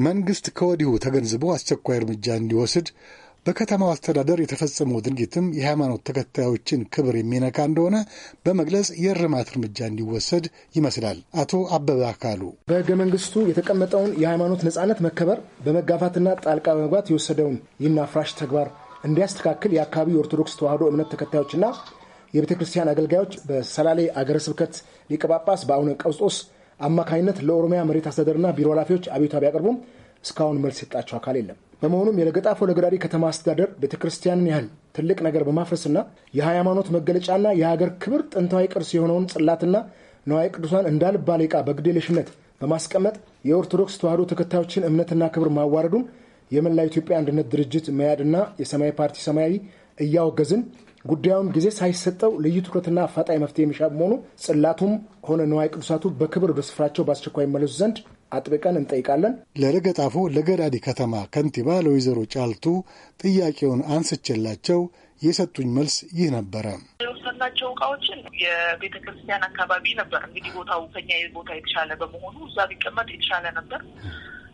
መንግስት ከወዲሁ ተገንዝቦ አስቸኳይ እርምጃ እንዲወስድ በከተማው አስተዳደር የተፈጸመው ድርጊትም የሃይማኖት ተከታዮችን ክብር የሚነካ እንደሆነ በመግለጽ የእርማት እርምጃ እንዲወሰድ ይመስላል። አቶ አበበ አካሉ በህገ መንግስቱ የተቀመጠውን የሃይማኖት ነጻነት መከበር በመጋፋትና ጣልቃ በመግባት የወሰደውን ይህን አፍራሽ ተግባር እንዲያስተካክል የአካባቢው የኦርቶዶክስ ተዋህዶ እምነት ተከታዮችና የቤተ ክርስቲያን አገልጋዮች በሰላሌ አገረ ስብከት ሊቀ ጳጳስ በአቡነ ቀውስጦስ አማካኝነት ለኦሮሚያ መሬት አስተዳደርና ቢሮ ኃላፊዎች አቤቱታ ቢያቀርቡም እስካሁን መልስ የሰጣቸው አካል የለም። በመሆኑም የለገጣፎ ለገዳዲ ከተማ አስተዳደር ቤተ ክርስቲያንን ያህል ትልቅ ነገር በማፍረስና የሃይማኖት መገለጫና የሀገር ክብር ጥንታዊ ቅርስ የሆነውን ጽላትና ነዋይ ቅዱሳን እንዳልባሌ ዕቃ በግዴለሽነት በማስቀመጥ የኦርቶዶክስ ተዋሕዶ ተከታዮችን እምነትና ክብር ማዋረዱን የመላ ኢትዮጵያ አንድነት ድርጅት መያድና የሰማያዊ ፓርቲ ሰማያዊ እያወገዝን ጉዳዩም ጊዜ ሳይሰጠው ልዩ ትኩረትና አፋጣኝ መፍትሄ የሚሻ በመሆኑ ጽላቱም ሆነ ንዋይ ቅዱሳቱ በክብር ወደ ስፍራቸው በአስቸኳይ መለሱ ዘንድ አጥብቀን እንጠይቃለን። ለለገጣፎ ለገዳዲ ከተማ ከንቲባ ለወይዘሮ ጫልቱ ጥያቄውን አንስቼላቸው የሰጡኝ መልስ ይህ ነበረ። የወሰድናቸው እቃዎችን የቤተ ክርስቲያን አካባቢ ነበር። እንግዲህ ቦታው ከኛ ቦታ የተሻለ በመሆኑ እዛ ቢቀመጥ የተሻለ ነበር።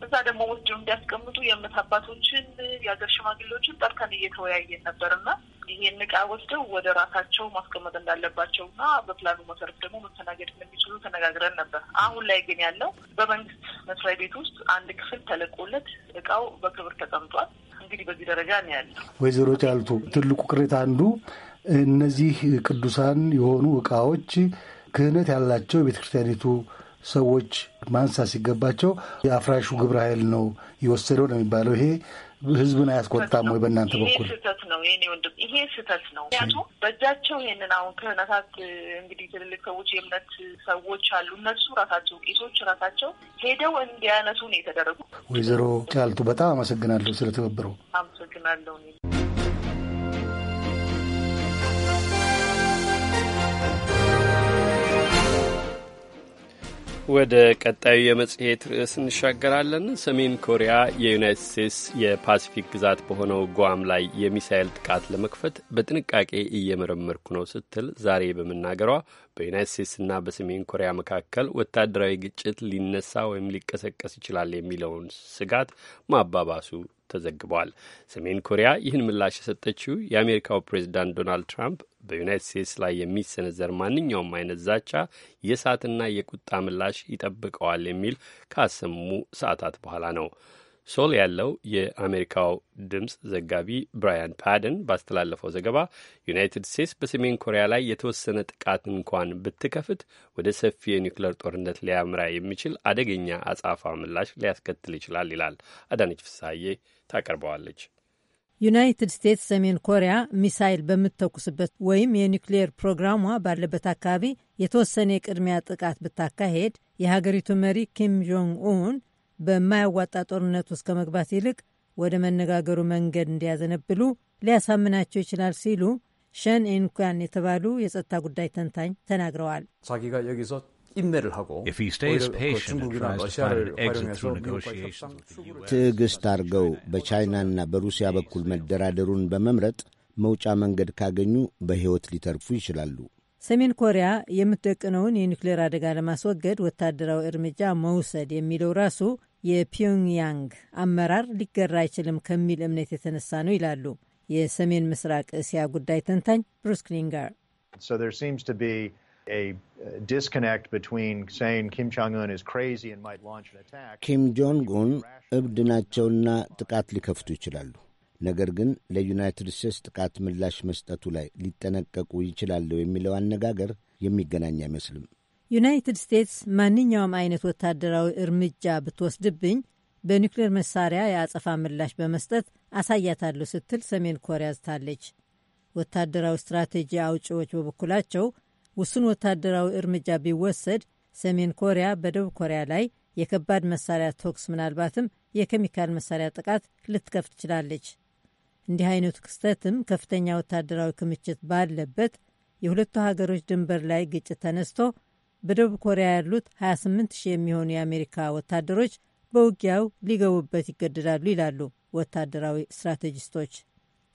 እዛ ደግሞ ወስደው እንዲያስቀምጡ የእምነት አባቶችን የሀገር ሽማግሌዎችን ጠርተን እየተወያየን ነበርና ይሄን እቃ ወስደው ወደ ራሳቸው ማስቀመጥ እንዳለባቸውና በፕላኑ መሰረት ደግሞ መተናገድ እንደሚችሉ ተነጋግረን ነበር። አሁን ላይ ግን ያለው በመንግስት መስሪያ ቤት ውስጥ አንድ ክፍል ተለቆለት እቃው በክብር ተቀምጧል። እንግዲህ በዚህ ደረጃ ነው ያለው። ወይዘሮ ጫልቱ፣ ትልቁ ቅሬታ አንዱ እነዚህ ቅዱሳን የሆኑ እቃዎች ክህነት ያላቸው የቤተ ክርስቲያኒቱ ሰዎች ማንሳት ሲገባቸው የአፍራሹ ግብረ ኃይል ነው የወሰደው ነው የሚባለው። ይሄ ህዝብን አያስቆጣም ወይ? በእናንተ በኩል ስህተት ነው። ይሄ ወንድም ይሄ ስህተት ነው። ምክንያቱም በእጃቸው ይሄንን አሁን ክህነታት እንግዲህ ትልልቅ ሰዎች የእምነት ሰዎች አሉ። እነሱ ራሳቸው ቄሶች ራሳቸው ሄደው እንዲያነሱ ነው የተደረጉ። ወይዘሮ ጫልቱ በጣም አመሰግናለሁ ስለተበበረው አመሰግናለሁ። ወደ ቀጣዩ የመጽሔት ርዕስ እንሻገራለን። ሰሜን ኮሪያ የዩናይትድ ስቴትስ የፓሲፊክ ግዛት በሆነው ጓም ላይ የሚሳኤል ጥቃት ለመክፈት በጥንቃቄ እየመረመርኩ ነው ስትል ዛሬ በመናገሯ በዩናይትድ ስቴትስና በሰሜን ኮሪያ መካከል ወታደራዊ ግጭት ሊነሳ ወይም ሊቀሰቀስ ይችላል የሚለውን ስጋት ማባባሱ ተዘግቧል። ሰሜን ኮሪያ ይህን ምላሽ የሰጠችው የአሜሪካው ፕሬዚዳንት ዶናልድ ትራምፕ በዩናይት ስቴትስ ላይ የሚሰነዘር ማንኛውም አይነት ዛቻ የእሳትና የቁጣ ምላሽ ይጠብቀዋል የሚል ካሰሙ ሰዓታት በኋላ ነው። ሶል ያለው የአሜሪካው ድምፅ ዘጋቢ ብራያን ፓደን ባስተላለፈው ዘገባ ዩናይትድ ስቴትስ በሰሜን ኮሪያ ላይ የተወሰነ ጥቃት እንኳን ብትከፍት ወደ ሰፊ የኒውክሌር ጦርነት ሊያምራ የሚችል አደገኛ አጻፋ ምላሽ ሊያስከትል ይችላል ይላል። አዳነች ፍሳዬ ታቀርበዋለች። ዩናይትድ ስቴትስ ሰሜን ኮሪያ ሚሳይል በምትተኩስበት ወይም የኒውክሌየር ፕሮግራሟ ባለበት አካባቢ የተወሰነ የቅድሚያ ጥቃት ብታካሄድ የሀገሪቱ መሪ ኪም ጆንግ ኡን በማያዋጣ ጦርነት ውስጥ ከመግባት ይልቅ ወደ መነጋገሩ መንገድ እንዲያዘነብሉ ሊያሳምናቸው ይችላል ሲሉ ሸን ኤንኳን የተባሉ የጸጥታ ጉዳይ ተንታኝ ተናግረዋል። 인내를 하고 አድርገው በቻይናና በሩሲያ በኩል መደራደሩን በመምረጥ መውጫ መንገድ ካገኙ በሕይወት ሊተርፉ ይችላሉ። ሰሜን ኮሪያ የምትደቅነውን የኒውክሌር አደጋ ለማስወገድ ወታደራዊ እርምጃ መውሰድ የሚለው ራሱ የፒዮንግያንግ አመራር ሊገራ አይችልም ከሚል እምነት የተነሳ ነው ይላሉ የሰሜን ምስራቅ እስያ ጉዳይ ተንታኝ ብሩስ a uh, disconnect between saying Kim Jong Un is crazy and might launch an attack. Kim Jong Un, እብድ ናቸውና ጥቃት ሊከፍቱ ይችላሉ። ነገር ግን ለዩናይትድ ስቴትስ ጥቃት ምላሽ መስጠቱ ላይ ሊጠነቀቁ ይችላሉ የሚለው አነጋገር የሚገናኝ አይመስልም። ዩናይትድ ስቴትስ ማንኛውም አይነት ወታደራዊ እርምጃ ብትወስድብኝ በኒውክሌር መሳሪያ የአጸፋ ምላሽ በመስጠት አሳያታለሁ ስትል ሰሜን ኮሪያ ዝታለች። ወታደራዊ ስትራቴጂ አውጪዎች በበኩላቸው ውሱን ወታደራዊ እርምጃ ቢወሰድ ሰሜን ኮሪያ በደቡብ ኮሪያ ላይ የከባድ መሳሪያ ተኩስ ምናልባትም የኬሚካል መሳሪያ ጥቃት ልትከፍት ትችላለች። እንዲህ አይነቱ ክስተትም ከፍተኛ ወታደራዊ ክምችት ባለበት የሁለቱ ሀገሮች ድንበር ላይ ግጭት ተነስቶ በደቡብ ኮሪያ ያሉት 28 ሺህ የሚሆኑ የአሜሪካ ወታደሮች በውጊያው ሊገቡበት ይገደዳሉ ይላሉ ወታደራዊ ስትራቴጂስቶች።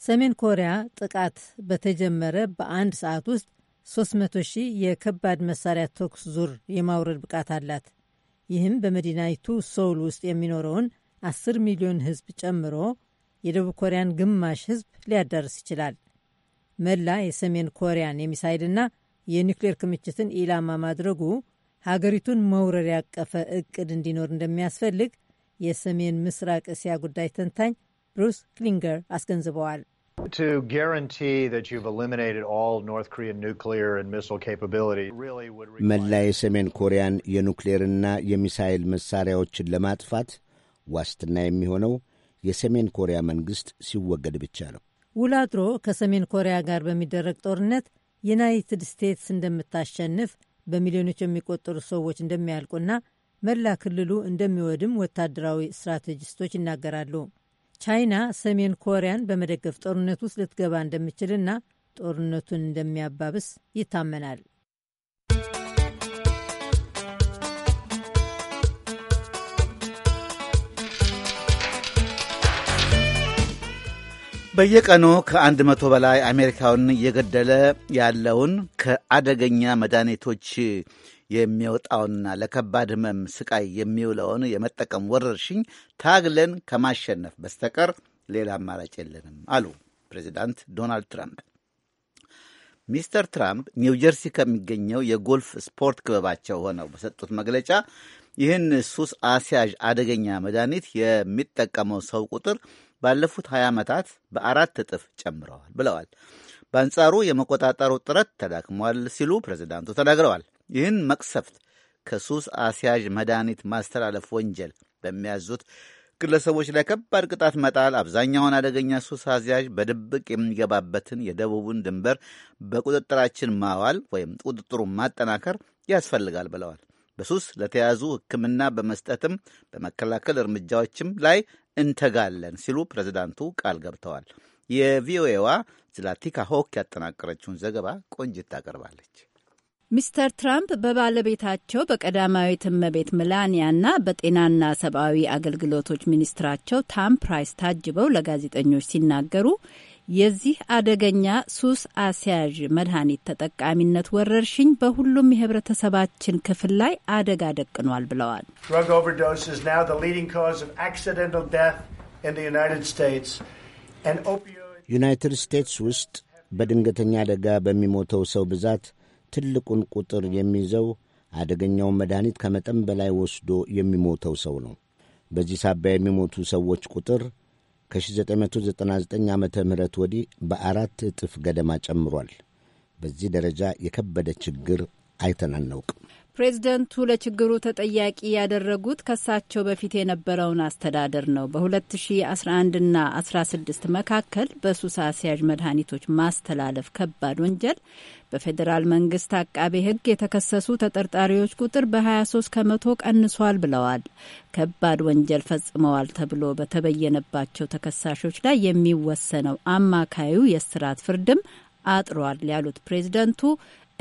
ሰሜን ኮሪያ ጥቃት በተጀመረ በአንድ ሰዓት ውስጥ 300 ሺህ የከባድ መሳሪያ ተኩስ ዙር የማውረድ ብቃት አላት። ይህም በመዲናይቱ ሶውል ውስጥ የሚኖረውን 10 ሚሊዮን ሕዝብ ጨምሮ የደቡብ ኮሪያን ግማሽ ሕዝብ ሊያዳርስ ይችላል። መላ የሰሜን ኮሪያን የሚሳይልና የኒውክሌር ክምችትን ኢላማ ማድረጉ ሀገሪቱን መውረር ያቀፈ እቅድ እንዲኖር እንደሚያስፈልግ የሰሜን ምስራቅ እስያ ጉዳይ ተንታኝ ብሩስ ክሊንገር አስገንዝበዋል። To guarantee that you've eliminated all North Korean nuclear and missile capability really would require... መላ የሰሜን ኮሪያን የኑክሌርና የሚሳይል መሳሪያዎችን ለማጥፋት ዋስትና የሚሆነው የሰሜን ኮሪያ መንግስት ሲወገድ ብቻ ነው። ውላድሮ ከሰሜን ኮሪያ ጋር በሚደረግ ጦርነት ዩናይትድ ስቴትስ እንደምታሸንፍ በሚሊዮኖች የሚቆጠሩ ሰዎች እንደሚያልቁና መላ ክልሉ እንደሚወድም ወታደራዊ ስትራቴጂስቶች ይናገራሉ። ቻይና ሰሜን ኮሪያን በመደገፍ ጦርነት ውስጥ ልትገባ እንደምችልና ጦርነቱን እንደሚያባብስ ይታመናል። በየቀኑ ከአንድ መቶ በላይ አሜሪካውን እየገደለ ያለውን ከአደገኛ መድኃኒቶች የሚወጣውንና ለከባድ ህመም ስቃይ የሚውለውን የመጠቀም ወረርሽኝ ታግለን ከማሸነፍ በስተቀር ሌላ አማራጭ የለንም አሉ ፕሬዚዳንት ዶናልድ ትራምፕ። ሚስተር ትራምፕ ኒውጀርሲ ከሚገኘው የጎልፍ ስፖርት ክበባቸው ሆነው በሰጡት መግለጫ ይህን ሱስ አስያዥ አደገኛ መድኃኒት የሚጠቀመው ሰው ቁጥር ባለፉት 20 ዓመታት በአራት እጥፍ ጨምረዋል ብለዋል። በአንጻሩ የመቆጣጠሩ ጥረት ተዳክሟል ሲሉ ፕሬዚዳንቱ ተናግረዋል። ይህን መቅሰፍት ከሱስ አስያዥ መድኃኒት ማስተላለፍ ወንጀል በሚያዙት ግለሰቦች ላይ ከባድ ቅጣት መጣል፣ አብዛኛውን አደገኛ ሱስ አስያዥ በድብቅ የሚገባበትን የደቡቡን ድንበር በቁጥጥራችን ማዋል ወይም ቁጥጥሩን ማጠናከር ያስፈልጋል ብለዋል። በሱስ ለተያዙ ሕክምና በመስጠትም በመከላከል እርምጃዎችም ላይ እንተጋለን ሲሉ ፕሬዚዳንቱ ቃል ገብተዋል። የቪኦኤዋ ዝላቲካ ሆክ ያጠናቀረችውን ዘገባ ቆንጅት ታቀርባለች። ሚስተር ትራምፕ በባለቤታቸው በቀዳማዊት እመቤት ሜላኒያና በጤናና ሰብአዊ አገልግሎቶች ሚኒስትራቸው ታም ፕራይስ ታጅበው ለጋዜጠኞች ሲናገሩ የዚህ አደገኛ ሱስ አስያዥ መድኃኒት ተጠቃሚነት ወረርሽኝ በሁሉም የህብረተሰባችን ክፍል ላይ አደጋ ደቅኗል ብለዋል። ዩናይትድ ስቴትስ ውስጥ በድንገተኛ አደጋ በሚሞተው ሰው ብዛት ትልቁን ቁጥር የሚይዘው አደገኛውን መድኃኒት ከመጠን በላይ ወስዶ የሚሞተው ሰው ነው። በዚህ ሳቢያ የሚሞቱ ሰዎች ቁጥር ከ1999 ዓ ም ወዲህ በአራት እጥፍ ገደማ ጨምሯል። በዚህ ደረጃ የከበደ ችግር አይተን አናውቅም። ፕሬዝደንቱ ለችግሩ ተጠያቂ ያደረጉት ከሳቸው በፊት የነበረውን አስተዳደር ነው። በ2011 እና 16 መካከል በሱስ አስያዥ መድኃኒቶች ማስተላለፍ ከባድ ወንጀል በፌዴራል መንግስት አቃቤ ሕግ የተከሰሱ ተጠርጣሪዎች ቁጥር በ23 ከመቶ ቀንሷል ብለዋል። ከባድ ወንጀል ፈጽመዋል ተብሎ በተበየነባቸው ተከሳሾች ላይ የሚወሰነው አማካዩ የእስራት ፍርድም አጥሯል ያሉት ፕሬዝደንቱ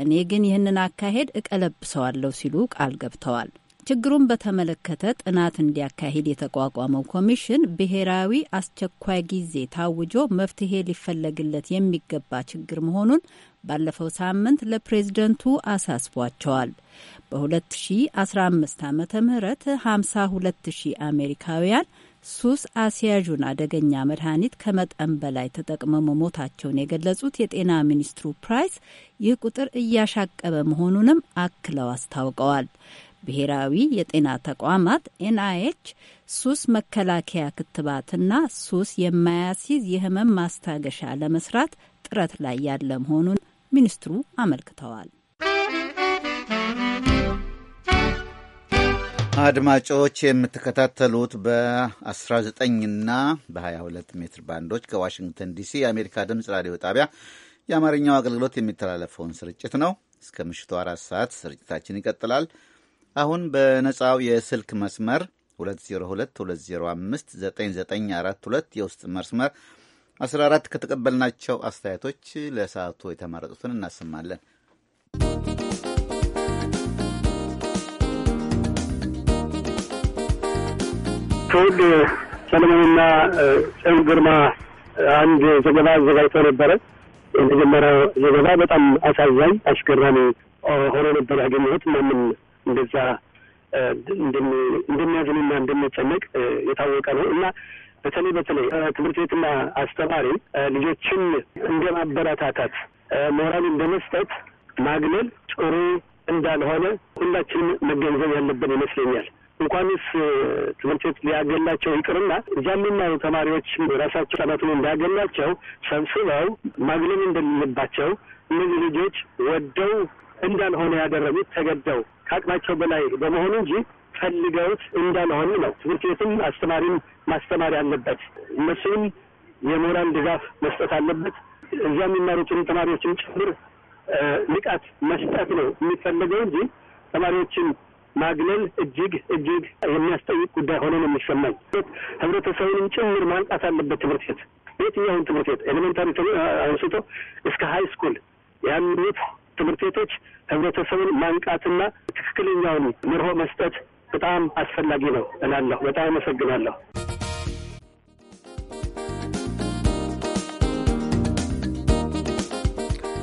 እኔ ግን ይህንን አካሄድ እቀለብሰዋለሁ ሲሉ ቃል ገብተዋል። ችግሩን በተመለከተ ጥናት እንዲያካሂድ የተቋቋመው ኮሚሽን ብሔራዊ አስቸኳይ ጊዜ ታውጆ መፍትሄ ሊፈለግለት የሚገባ ችግር መሆኑን ባለፈው ሳምንት ለፕሬዝደንቱ አሳስቧቸዋል። በ2015 ዓ ም 52 ሺህ አሜሪካውያን ሱስ አስያዡን አደገኛ መድኃኒት ከመጠን በላይ ተጠቅመው መሞታቸውን የገለጹት የጤና ሚኒስትሩ ፕራይስ ይህ ቁጥር እያሻቀበ መሆኑንም አክለው አስታውቀዋል። ብሔራዊ የጤና ተቋማት ኤንአይኤች ሱስ መከላከያ ክትባትና ሱስ የማያስይዝ የህመም ማስታገሻ ለመስራት ጥረት ላይ ያለ መሆኑን ሚኒስትሩ አመልክተዋል። አድማጮች የምትከታተሉት በ19ና በ22 ሜትር ባንዶች ከዋሽንግተን ዲሲ የአሜሪካ ድምፅ ራዲዮ ጣቢያ የአማርኛው አገልግሎት የሚተላለፈውን ስርጭት ነው። እስከ ምሽቱ አራት ሰዓት ስርጭታችን ይቀጥላል። አሁን በነፃው የስልክ መስመር 2022059942 የውስጥ መስመር 14 ከተቀበልናቸው አስተያየቶች ለሰዓቱ የተመረጡትን እናሰማለን። ትውልድ ሰለሞንና ጽዮን ግርማ አንድ ዘገባ አዘጋጅተው ነበረ። የመጀመሪያው ዘገባ በጣም አሳዛኝ አስገራሚ ሆኖ ነበር ያገኘሁት። ማንም እንደዛ እንደሚያዝንና እንደሚጨነቅ የታወቀ ነው እና በተለይ በተለይ ትምህርት ቤትና አስተማሪ ልጆችን እንደ ማበረታታት ሞራል እንደ መስጠት ማግለል ጥሩ እንዳልሆነ ሁላችንም መገንዘብ ያለብን ይመስለኛል። እንኳንስ ትምህርት ቤት ሊያገላቸው ይቅርና እዚያ የሚማሩ ተማሪዎች ራሳቸው ጠናትን እንዳያገላቸው ሰብስበው ማግለል እንደሌለባቸው እነዚህ ልጆች ወደው እንዳልሆነ ያደረጉት ተገደው ከአቅማቸው በላይ በመሆኑ እንጂ ፈልገውት እንዳልሆኑ ነው። ትምህርት ቤትም አስተማሪም ማስተማር አለበት። እነሱም የሞራል ድጋፍ መስጠት አለበት። እዚያ የሚማሩትን ተማሪዎችን ጭምር ንቃት መስጠት ነው የሚፈልገው እንጂ ተማሪዎችን ማግለል እጅግ እጅግ የሚያስጠይቅ ጉዳይ ሆኖ ነው የሚሰማኝ። ህብረተሰቡንም ጭምር ማንቃት አለበት። ትምህርት ቤት የትኛውን ትምህርት ቤት ኤሌመንታሪ አንስቶ እስከ ሀይ ስኩል ያሉት ትምህርት ቤቶች ህብረተሰቡን ማንቃትና ትክክለኛውን ምርሆ መስጠት በጣም አስፈላጊ ነው እላለሁ። በጣም አመሰግናለሁ።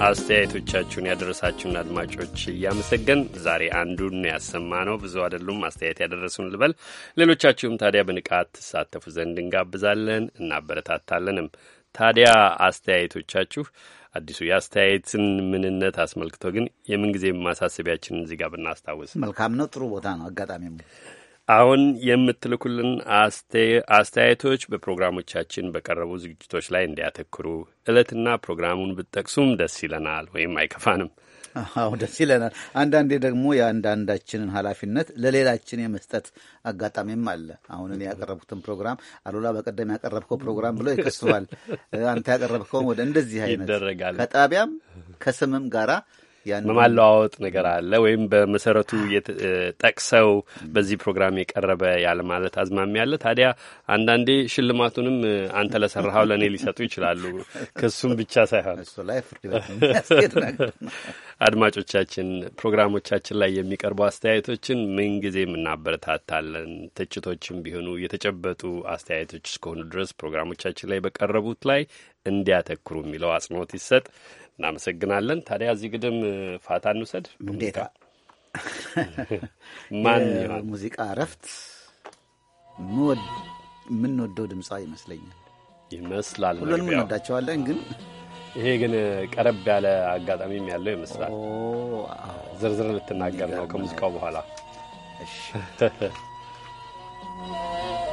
አስተያየቶቻችሁን ያደረሳችሁን አድማጮች እያመሰገን ዛሬ አንዱን ያሰማ ነው። ብዙ አይደሉም አስተያየት ያደረሱን ልበል። ሌሎቻችሁም ታዲያ በንቃት ትሳተፉ ዘንድ እንጋብዛለን እናበረታታለንም። ታዲያ አስተያየቶቻችሁ አዲሱ የአስተያየትን ምንነት አስመልክቶ ግን የምንጊዜ ማሳሰቢያችንን እዚህ ጋር ብናስታውስ መልካም ነው። ጥሩ ቦታ ነው። አጋጣሚ አሁን የምትልኩልን አስተያየቶች በፕሮግራሞቻችን በቀረቡ ዝግጅቶች ላይ እንዲያተክሩ እለትና ፕሮግራሙን ብትጠቅሱም ደስ ይለናል፣ ወይም አይከፋንም። አዎ ደስ ይለናል። አንዳንዴ ደግሞ የአንዳንዳችንን ኃላፊነት ለሌላችን የመስጠት አጋጣሚም አለ። አሁን እኔ ያቀረብኩትን ፕሮግራም አሉላ በቀደም ያቀረብከው ፕሮግራም ብሎ ይከሱሃል። አንተ ያቀረብከውም ወደ እንደዚህ አይነት ከጣቢያም ከስምም ጋራ መማለዋወጥ ነገር አለ ወይም በመሰረቱ ጠቅሰው በዚህ ፕሮግራም የቀረበ ያለማለት አዝማሚ አለ ታዲያ አንዳንዴ ሽልማቱንም አንተ ለሰራኸው ለእኔ ሊሰጡ ይችላሉ። ክሱም ብቻ ሳይሆን አድማጮቻችን ፕሮግራሞቻችን ላይ የሚቀርቡ አስተያየቶችን ምንጊዜ እናበረታታለን። ትችቶችም ቢሆኑ የተጨበጡ አስተያየቶች እስከሆኑ ድረስ ፕሮግራሞቻችን ላይ በቀረቡት ላይ እንዲያተኩሩ የሚለው አጽንኦት ይሰጥ። እናመሰግናለን። ታዲያ እዚህ ግድም ፋታ እንውሰድ። እንዴታ ማን ሙዚቃ እረፍት የምንወደው ድምፃ ይመስለኛል ይመስላል። ሁሉንም እንወዳቸዋለን ግን ይሄ ግን ቀረብ ያለ አጋጣሚም ያለው ይመስላል። ዝርዝር ልትናገር ነው ከሙዚቃው በኋላ። እሺ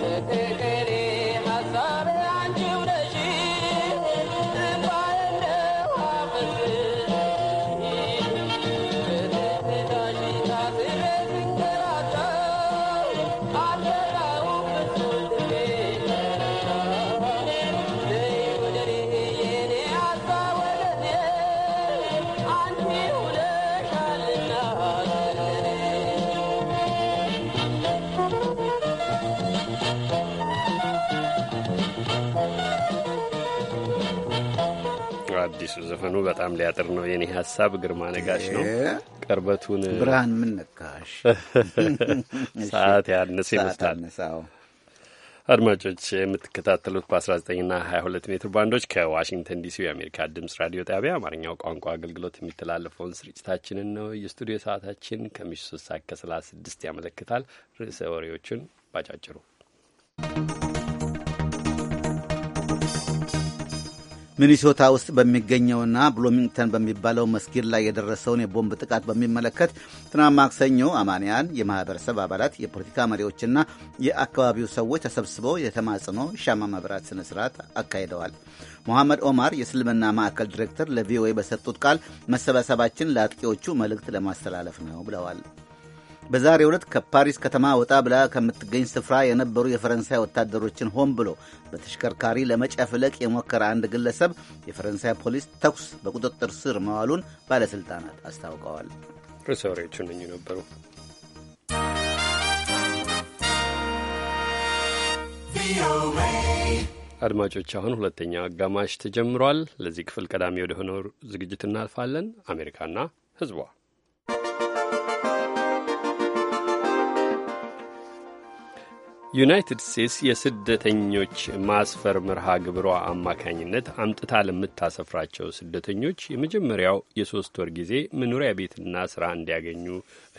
se te ዘፈኑ በጣም ሊያጥር ነው። የኔ ሀሳብ ግርማ ነጋሽ ነው። ቅርበቱን ብርሃን ምን ነካሽ ሰዓት ያነስ ይመስላል። አድማጮች የምትከታተሉት በ19ና 22 ሜትር ባንዶች ከዋሽንግተን ዲሲ የአሜሪካ ድምጽ ራዲዮ ጣቢያ አማርኛው ቋንቋ አገልግሎት የሚተላለፈውን ስርጭታችንን ነው። የስቱዲዮ ሰዓታችን ከምሽቱ 3 ሰዓት ከ36 ያመለክታል። ርዕሰ ወሬዎቹን ባጫጭሩ ሚኒሶታ ውስጥ በሚገኘውና ብሎሚንግተን በሚባለው መስጊድ ላይ የደረሰውን የቦምብ ጥቃት በሚመለከት ትናንት ማክሰኞ አማንያን፣ የማህበረሰብ አባላት፣ የፖለቲካ መሪዎችና የአካባቢው ሰዎች ተሰብስበው የተማጽኖ ሻማ መብራት ስነ ስርዓት አካሂደዋል። ሞሐመድ ኦማር የእስልምና ማዕከል ዲሬክተር ለቪኦኤ በሰጡት ቃል መሰባሰባችን ለአጥቂዎቹ መልእክት ለማስተላለፍ ነው ብለዋል። በዛሬ ዕለት ከፓሪስ ከተማ ወጣ ብላ ከምትገኝ ስፍራ የነበሩ የፈረንሳይ ወታደሮችን ሆን ብሎ በተሽከርካሪ ለመጨፍለቅ የሞከረ አንድ ግለሰብ የፈረንሳይ ፖሊስ ተኩስ በቁጥጥር ስር መዋሉን ባለሥልጣናት አስታውቀዋል። ርዕሰ ወሬዎቹ ነበሩ። አድማጮች አሁን ሁለተኛው አጋማሽ ተጀምሯል። ለዚህ ክፍል ቀዳሚ ወደ ሆነው ዝግጅት እናልፋለን። አሜሪካና ሕዝቧ ዩናይትድ ስቴትስ የስደተኞች ማስፈር መርሃ ግብሯ አማካኝነት አምጥታ ለምታሰፍራቸው ስደተኞች የመጀመሪያው የሶስት ወር ጊዜ መኖሪያ ቤትና ስራ እንዲያገኙ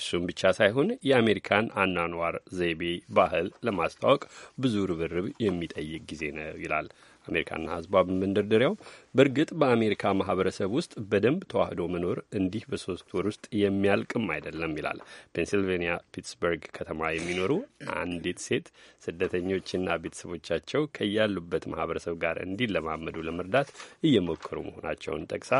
እሱም ብቻ ሳይሆን የአሜሪካን አኗኗር ዘይቤ ባህል ለማስተዋወቅ ብዙ ርብርብ የሚጠይቅ ጊዜ ነው ይላል አሜሪካና ህዝቧ በመንደርደሪያው በእርግጥ በአሜሪካ ማህበረሰብ ውስጥ በደንብ ተዋህዶ መኖር እንዲህ በሶስት ወር ውስጥ የሚያልቅም አይደለም ይላል። ፔንሲልቬኒያ ፒትስበርግ ከተማ የሚኖሩ አንዲት ሴት ስደተኞችና ቤተሰቦቻቸው ከያሉበት ማህበረሰብ ጋር እንዲለማመዱ ለመርዳት እየሞከሩ መሆናቸውን ጠቅሳ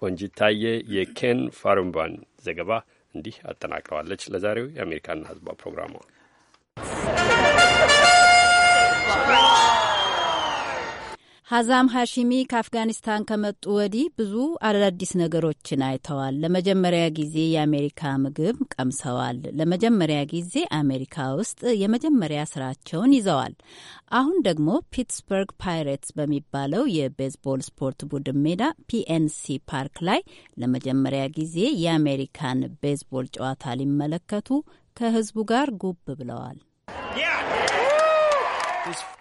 ቆንጂታየ የኬን ፋሩምባን ዘገባ እንዲህ አጠናቅረዋለች። ለዛሬው የአሜሪካና ህዝቧ ፕሮግራሟ ሀዛም ሀሺሚ ከአፍጋኒስታን ከመጡ ወዲህ ብዙ አዳዲስ ነገሮችን አይተዋል። ለመጀመሪያ ጊዜ የአሜሪካ ምግብ ቀምሰዋል። ለመጀመሪያ ጊዜ አሜሪካ ውስጥ የመጀመሪያ ስራቸውን ይዘዋል። አሁን ደግሞ ፒትስበርግ ፓይሬትስ በሚባለው የቤዝቦል ስፖርት ቡድን ሜዳ ፒኤንሲ ፓርክ ላይ ለመጀመሪያ ጊዜ የአሜሪካን ቤዝቦል ጨዋታ ሊመለከቱ ከህዝቡ ጋር ጉብ ብለዋል።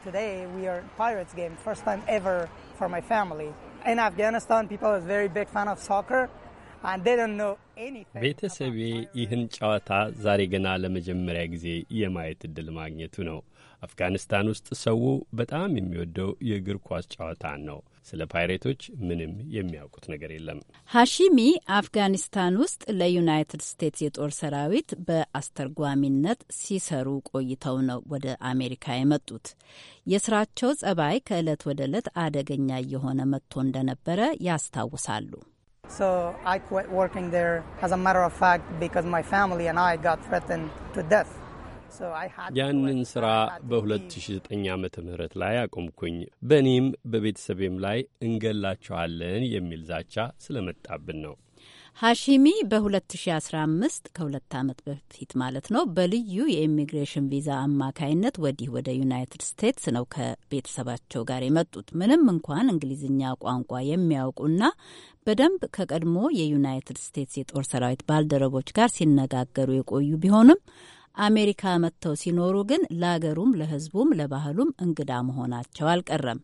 Today we are Pirates game, first time ever for my family. In Afghanistan, people are very big fan of soccer. ቤተሰቤ ይህን ጨዋታ ዛሬ ገና ለመጀመሪያ ጊዜ የማየት ዕድል ማግኘቱ ነው። አፍጋኒስታን ውስጥ ሰው በጣም የሚወደው የእግር ኳስ ጨዋታን ነው። ስለ ፓይሬቶች ምንም የሚያውቁት ነገር የለም። ሀሺሚ አፍጋኒስታን ውስጥ ለዩናይትድ ስቴትስ የጦር ሰራዊት በአስተርጓሚነት ሲሰሩ ቆይተው ነው ወደ አሜሪካ የመጡት። የስራቸው ጸባይ ከእለት ወደ እለት አደገኛ እየሆነ መጥቶ እንደነበረ ያስታውሳሉ። So I quit working there as ቤተሰቤ matter of fact ያንን ስራ በ2009 ዓመተ ምህረት ላይ አቆምኩኝ። በእኔም በቤተሰቤም ላይ እንገላችኋለን የሚል ዛቻ ስለመጣብን ነው። ሀሺሚ በ2015 ከሁለት ዓመት በፊት ማለት ነው፣ በልዩ የኢሚግሬሽን ቪዛ አማካይነት ወዲህ ወደ ዩናይትድ ስቴትስ ነው ከቤተሰባቸው ጋር የመጡት። ምንም እንኳን እንግሊዝኛ ቋንቋ የሚያውቁና በደንብ ከቀድሞ የዩናይትድ ስቴትስ የጦር ሰራዊት ባልደረቦች ጋር ሲነጋገሩ የቆዩ ቢሆንም አሜሪካ መጥተው ሲኖሩ ግን ለአገሩም ለሕዝቡም ለባህሉም እንግዳ መሆናቸው አልቀረም።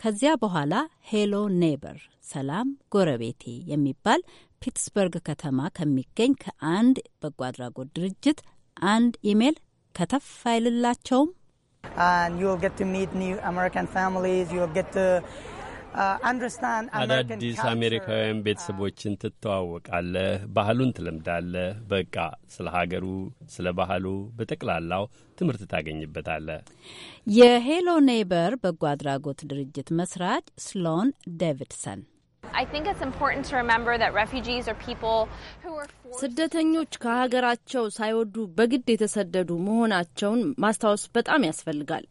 ከዚያ በኋላ ሄሎ ኔበር ሰላም ጎረቤቴ የሚባል ፒትስበርግ ከተማ ከሚገኝ ከአንድ በጎ አድራጎት ድርጅት አንድ ኢሜል ከተፍ አይልላቸውም። Uh, አዳዲስ አሜሪካውያን uh, ቤተሰቦችን ትተዋወቃለህ፣ ባህሉን ትለምዳለህ። በቃ ስለ ሀገሩ፣ ስለ ባህሉ በጠቅላላው ትምህርት ታገኝበታለህ። የሄሎ ኔይበር በጎ አድራጎት ድርጅት መስራች ስሎን ዴቪድሰን ስደተኞች ከሀገራቸው ሳይወዱ በግድ የተሰደዱ መሆናቸውን ማስታወስ በጣም ያስፈልጋል።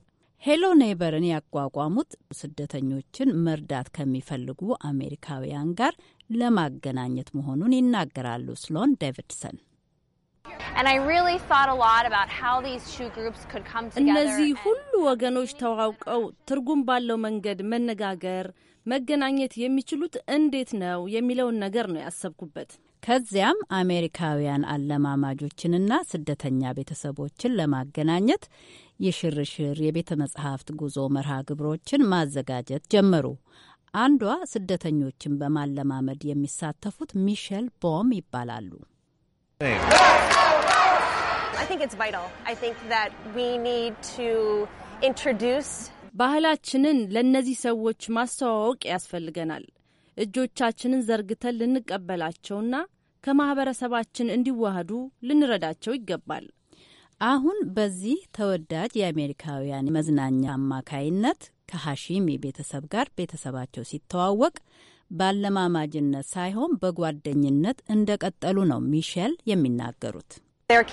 ሄሎ ኔይበርን ያቋቋሙት ስደተኞችን መርዳት ከሚፈልጉ አሜሪካውያን ጋር ለማገናኘት መሆኑን ይናገራሉ። ስሎን ዴቪድሰን እነዚህ ሁሉ ወገኖች ተዋውቀው ትርጉም ባለው መንገድ መነጋገር፣ መገናኘት የሚችሉት እንዴት ነው የሚለውን ነገር ነው ያሰብኩበት። ከዚያም አሜሪካውያን አለማማጆችንና ስደተኛ ቤተሰቦችን ለማገናኘት የሽርሽር የቤተ መጽሐፍት ጉዞ መርሃ ግብሮችን ማዘጋጀት ጀመሩ። አንዷ ስደተኞችን በማለማመድ የሚሳተፉት ሚሸል ቦም ይባላሉ። ባህላችንን ለእነዚህ ሰዎች ማስተዋወቅ ያስፈልገናል። እጆቻችንን ዘርግተን ልንቀበላቸውና ከማኅበረሰባችን እንዲዋሃዱ ልንረዳቸው ይገባል። አሁን በዚህ ተወዳጅ የአሜሪካውያን መዝናኛ አማካይነት ከሐሺሚ ቤተሰብ ጋር ቤተሰባቸው ሲተዋወቅ ባለማማጅነት ሳይሆን በጓደኝነት እንደቀጠሉ ነው ሚሼል የሚናገሩት። uh,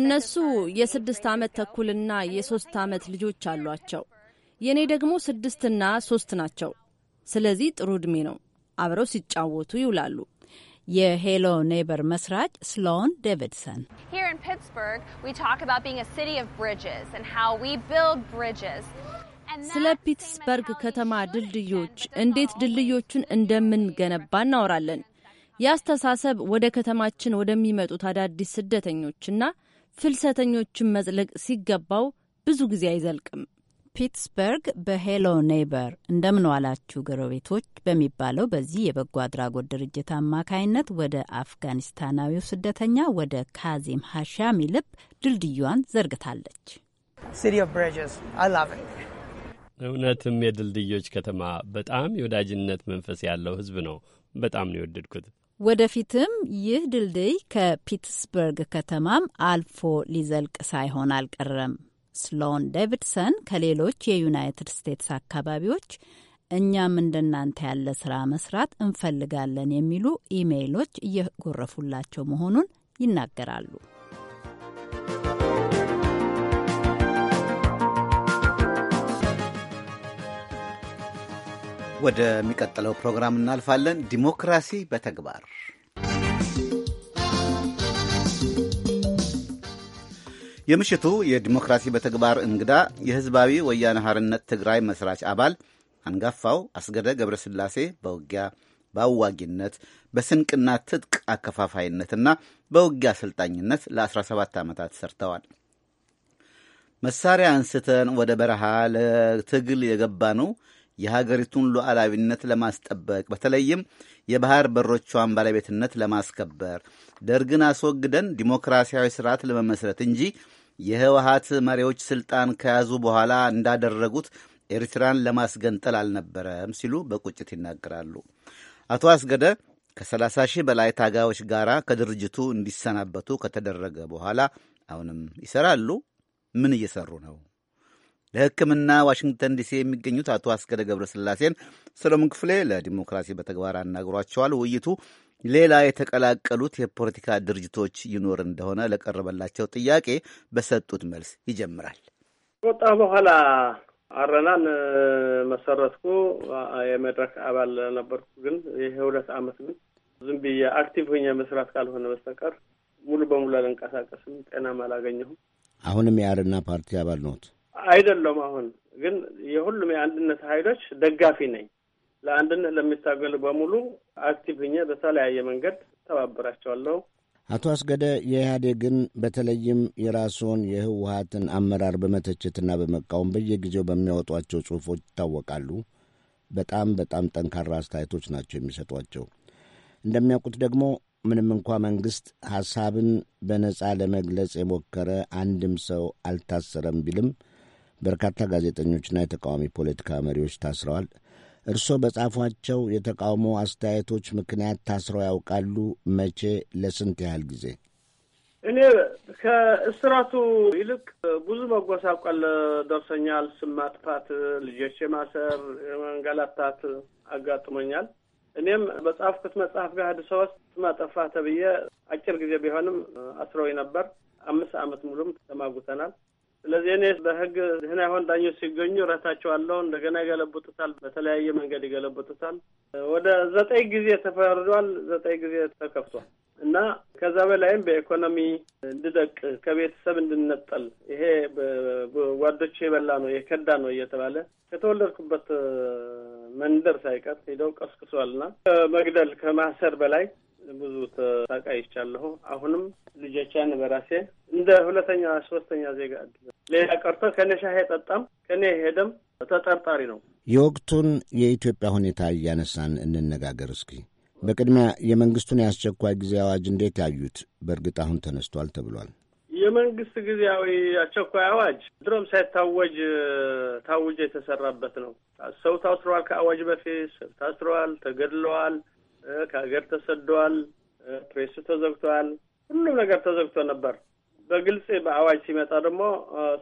እነሱ የስድስት ዓመት ተኩልና የሶስት ዓመት ልጆች አሏቸው። የእኔ ደግሞ ስድስትና ሶስት ናቸው። ስለዚህ ጥሩ ዕድሜ ነው። አብረው ሲጫወቱ ይውላሉ። የሄሎ ኔበር መስራች ስሎን ዴቪድሰን ስለ ፒትስበርግ ከተማ ድልድዮች፣ እንዴት ድልድዮቹን እንደምንገነባ እናወራለን። የአስተሳሰብ ወደ ከተማችን ወደሚመጡት አዳዲስ ስደተኞችና ፍልሰተኞችን መጽለቅ ሲገባው ብዙ ጊዜ አይዘልቅም። ፒትስበርግ በሄሎ ኔይበር እንደምን ዋላችሁ ጎረቤቶች በሚባለው በዚህ የበጎ አድራጎት ድርጅት አማካይነት ወደ አፍጋኒስታናዊው ስደተኛ ወደ ካዚም ሀሻሚ ልብ ድልድዩዋን ዘርግታለች። እውነትም የድልድዮች ከተማ በጣም የወዳጅነት መንፈስ ያለው ሕዝብ ነው። በጣም ነው የወደድኩት። ወደፊትም ይህ ድልድይ ከፒትስበርግ ከተማም አልፎ ሊዘልቅ ሳይሆን አልቀረም። ስሎን ዴቪድሰን ከሌሎች የዩናይትድ ስቴትስ አካባቢዎች እኛም እንደናንተ ያለ ስራ መስራት እንፈልጋለን የሚሉ ኢሜይሎች እየጎረፉላቸው መሆኑን ይናገራሉ። ወደሚቀጥለው ፕሮግራም እናልፋለን። ዲሞክራሲ በተግባር የምሽቱ የዲሞክራሲ በተግባር እንግዳ የህዝባዊ ወያነ ሐርነት ትግራይ መስራች አባል አንጋፋው አስገደ ገብረስላሴ በውጊያ በአዋጊነት በስንቅና ትጥቅ አከፋፋይነትና በውጊያ አሰልጣኝነት ለ17 ዓመታት ሰርተዋል። መሳሪያ አንስተን ወደ በረሃ ለትግል የገባ ነው። የሀገሪቱን ሉዓላዊነት ለማስጠበቅ በተለይም የባህር በሮቿን ባለቤትነት ለማስከበር ደርግን አስወግደን ዲሞክራሲያዊ ስርዓት ለመመስረት እንጂ የህወሀት መሪዎች ስልጣን ከያዙ በኋላ እንዳደረጉት ኤርትራን ለማስገንጠል አልነበረም ሲሉ በቁጭት ይናገራሉ። አቶ አስገደ ከ30 ሺህ በላይ ታጋዮች ጋር ከድርጅቱ እንዲሰናበቱ ከተደረገ በኋላ አሁንም ይሰራሉ። ምን እየሰሩ ነው? ለሕክምና ዋሽንግተን ዲሲ የሚገኙት አቶ አስገደ ገብረስላሴን ሰሎሞን ክፍሌ ለዲሞክራሲ በተግባር አናግሯቸዋል። ውይይቱ ሌላ የተቀላቀሉት የፖለቲካ ድርጅቶች ይኖር እንደሆነ ለቀረበላቸው ጥያቄ በሰጡት መልስ ይጀምራል። ከወጣ በኋላ አረናን መሰረትኩ። የመድረክ አባል ነበርኩ። ግን ይሄ ሁለት አመት ግን ዝም ብዬ አክቲቭ ሆኜ መስራት ካልሆነ በስተቀር ሙሉ በሙሉ አልንቀሳቀስም። ጤናም አላገኘሁም። አሁንም የአረና ፓርቲ አባል ነዎት? አይደለም። አሁን ግን የሁሉም የአንድነት ኃይሎች ደጋፊ ነኝ። ለአንድነት ለሚታገሉ በሙሉ አክቲቭ ሆኜ በተለያየ መንገድ ተባበራቸዋለሁ። አቶ አስገደ የኢህአዴግን በተለይም የራስዎን የህወሀትን አመራር በመተቸትና በመቃወም በየጊዜው በሚያወጧቸው ጽሁፎች ይታወቃሉ። በጣም በጣም ጠንካራ አስተያየቶች ናቸው የሚሰጧቸው። እንደሚያውቁት ደግሞ ምንም እንኳ መንግሥት ሐሳብን በነጻ ለመግለጽ የሞከረ አንድም ሰው አልታሰረም ቢልም በርካታ ጋዜጠኞችና የተቃዋሚ ፖለቲካ መሪዎች ታስረዋል። እርስዎ በጻፏቸው የተቃውሞ አስተያየቶች ምክንያት ታስረው ያውቃሉ? መቼ? ለስንት ያህል ጊዜ? እኔ ከእስራቱ ይልቅ ብዙ መጎሳቆል ደርሰኛል። ስም ማጥፋት፣ ልጆች የማሰር የመንገላታት አጋጥሞኛል። እኔም በጻፍኩት መጽሐፍ ጋር ሀዲስ ውስጥ ተብዬ አጭር ጊዜ ቢሆንም አስረው ነበር። አምስት ዓመት ሙሉም ተማጉተናል። ስለዚህ እኔ በህግ ድህና ይሆን ዳኞች ሲገኙ ረታቸዋለሁ። እንደገና ይገለብጡታል፣ በተለያየ መንገድ ይገለብጡታል። ወደ ዘጠኝ ጊዜ ተፈርዷል፣ ዘጠኝ ጊዜ ተከፍቷል እና ከዛ በላይም በኢኮኖሚ እንድደቅ ከቤተሰብ እንድነጠል ይሄ ጓዶች የበላ ነው የከዳ ነው እየተባለ ከተወለድኩበት መንደር ሳይቀር ሄደው ቀስቅሷልና ከመግደል ከማሰር በላይ ብዙ ተሰቃይቻለሁ። አሁንም ልጆቻን በራሴ እንደ ሁለተኛ ሶስተኛ ዜጋ ሌላ ቀርቶ ከኔ ሻይ የጠጣም ከኔ የሄደም ተጠርጣሪ ነው። የወቅቱን የኢትዮጵያ ሁኔታ እያነሳን እንነጋገር እስኪ። በቅድሚያ የመንግስቱን የአስቸኳይ ጊዜ አዋጅ እንዴት ያዩት? በእርግጥ አሁን ተነስቷል ተብሏል። የመንግስት ጊዜያዊ አስቸኳይ አዋጅ ድሮም ሳይታወጅ ታውጆ የተሰራበት ነው። ሰው ታስሯል ከአዋጅ በፊት ሰው ታስረዋል፣ ተገድለዋል፣ ከሀገር ተሰደዋል፣ ፕሬሱ ተዘግቷል፣ ሁሉም ነገር ተዘግቶ ነበር። በግልጽ በአዋጅ ሲመጣ ደግሞ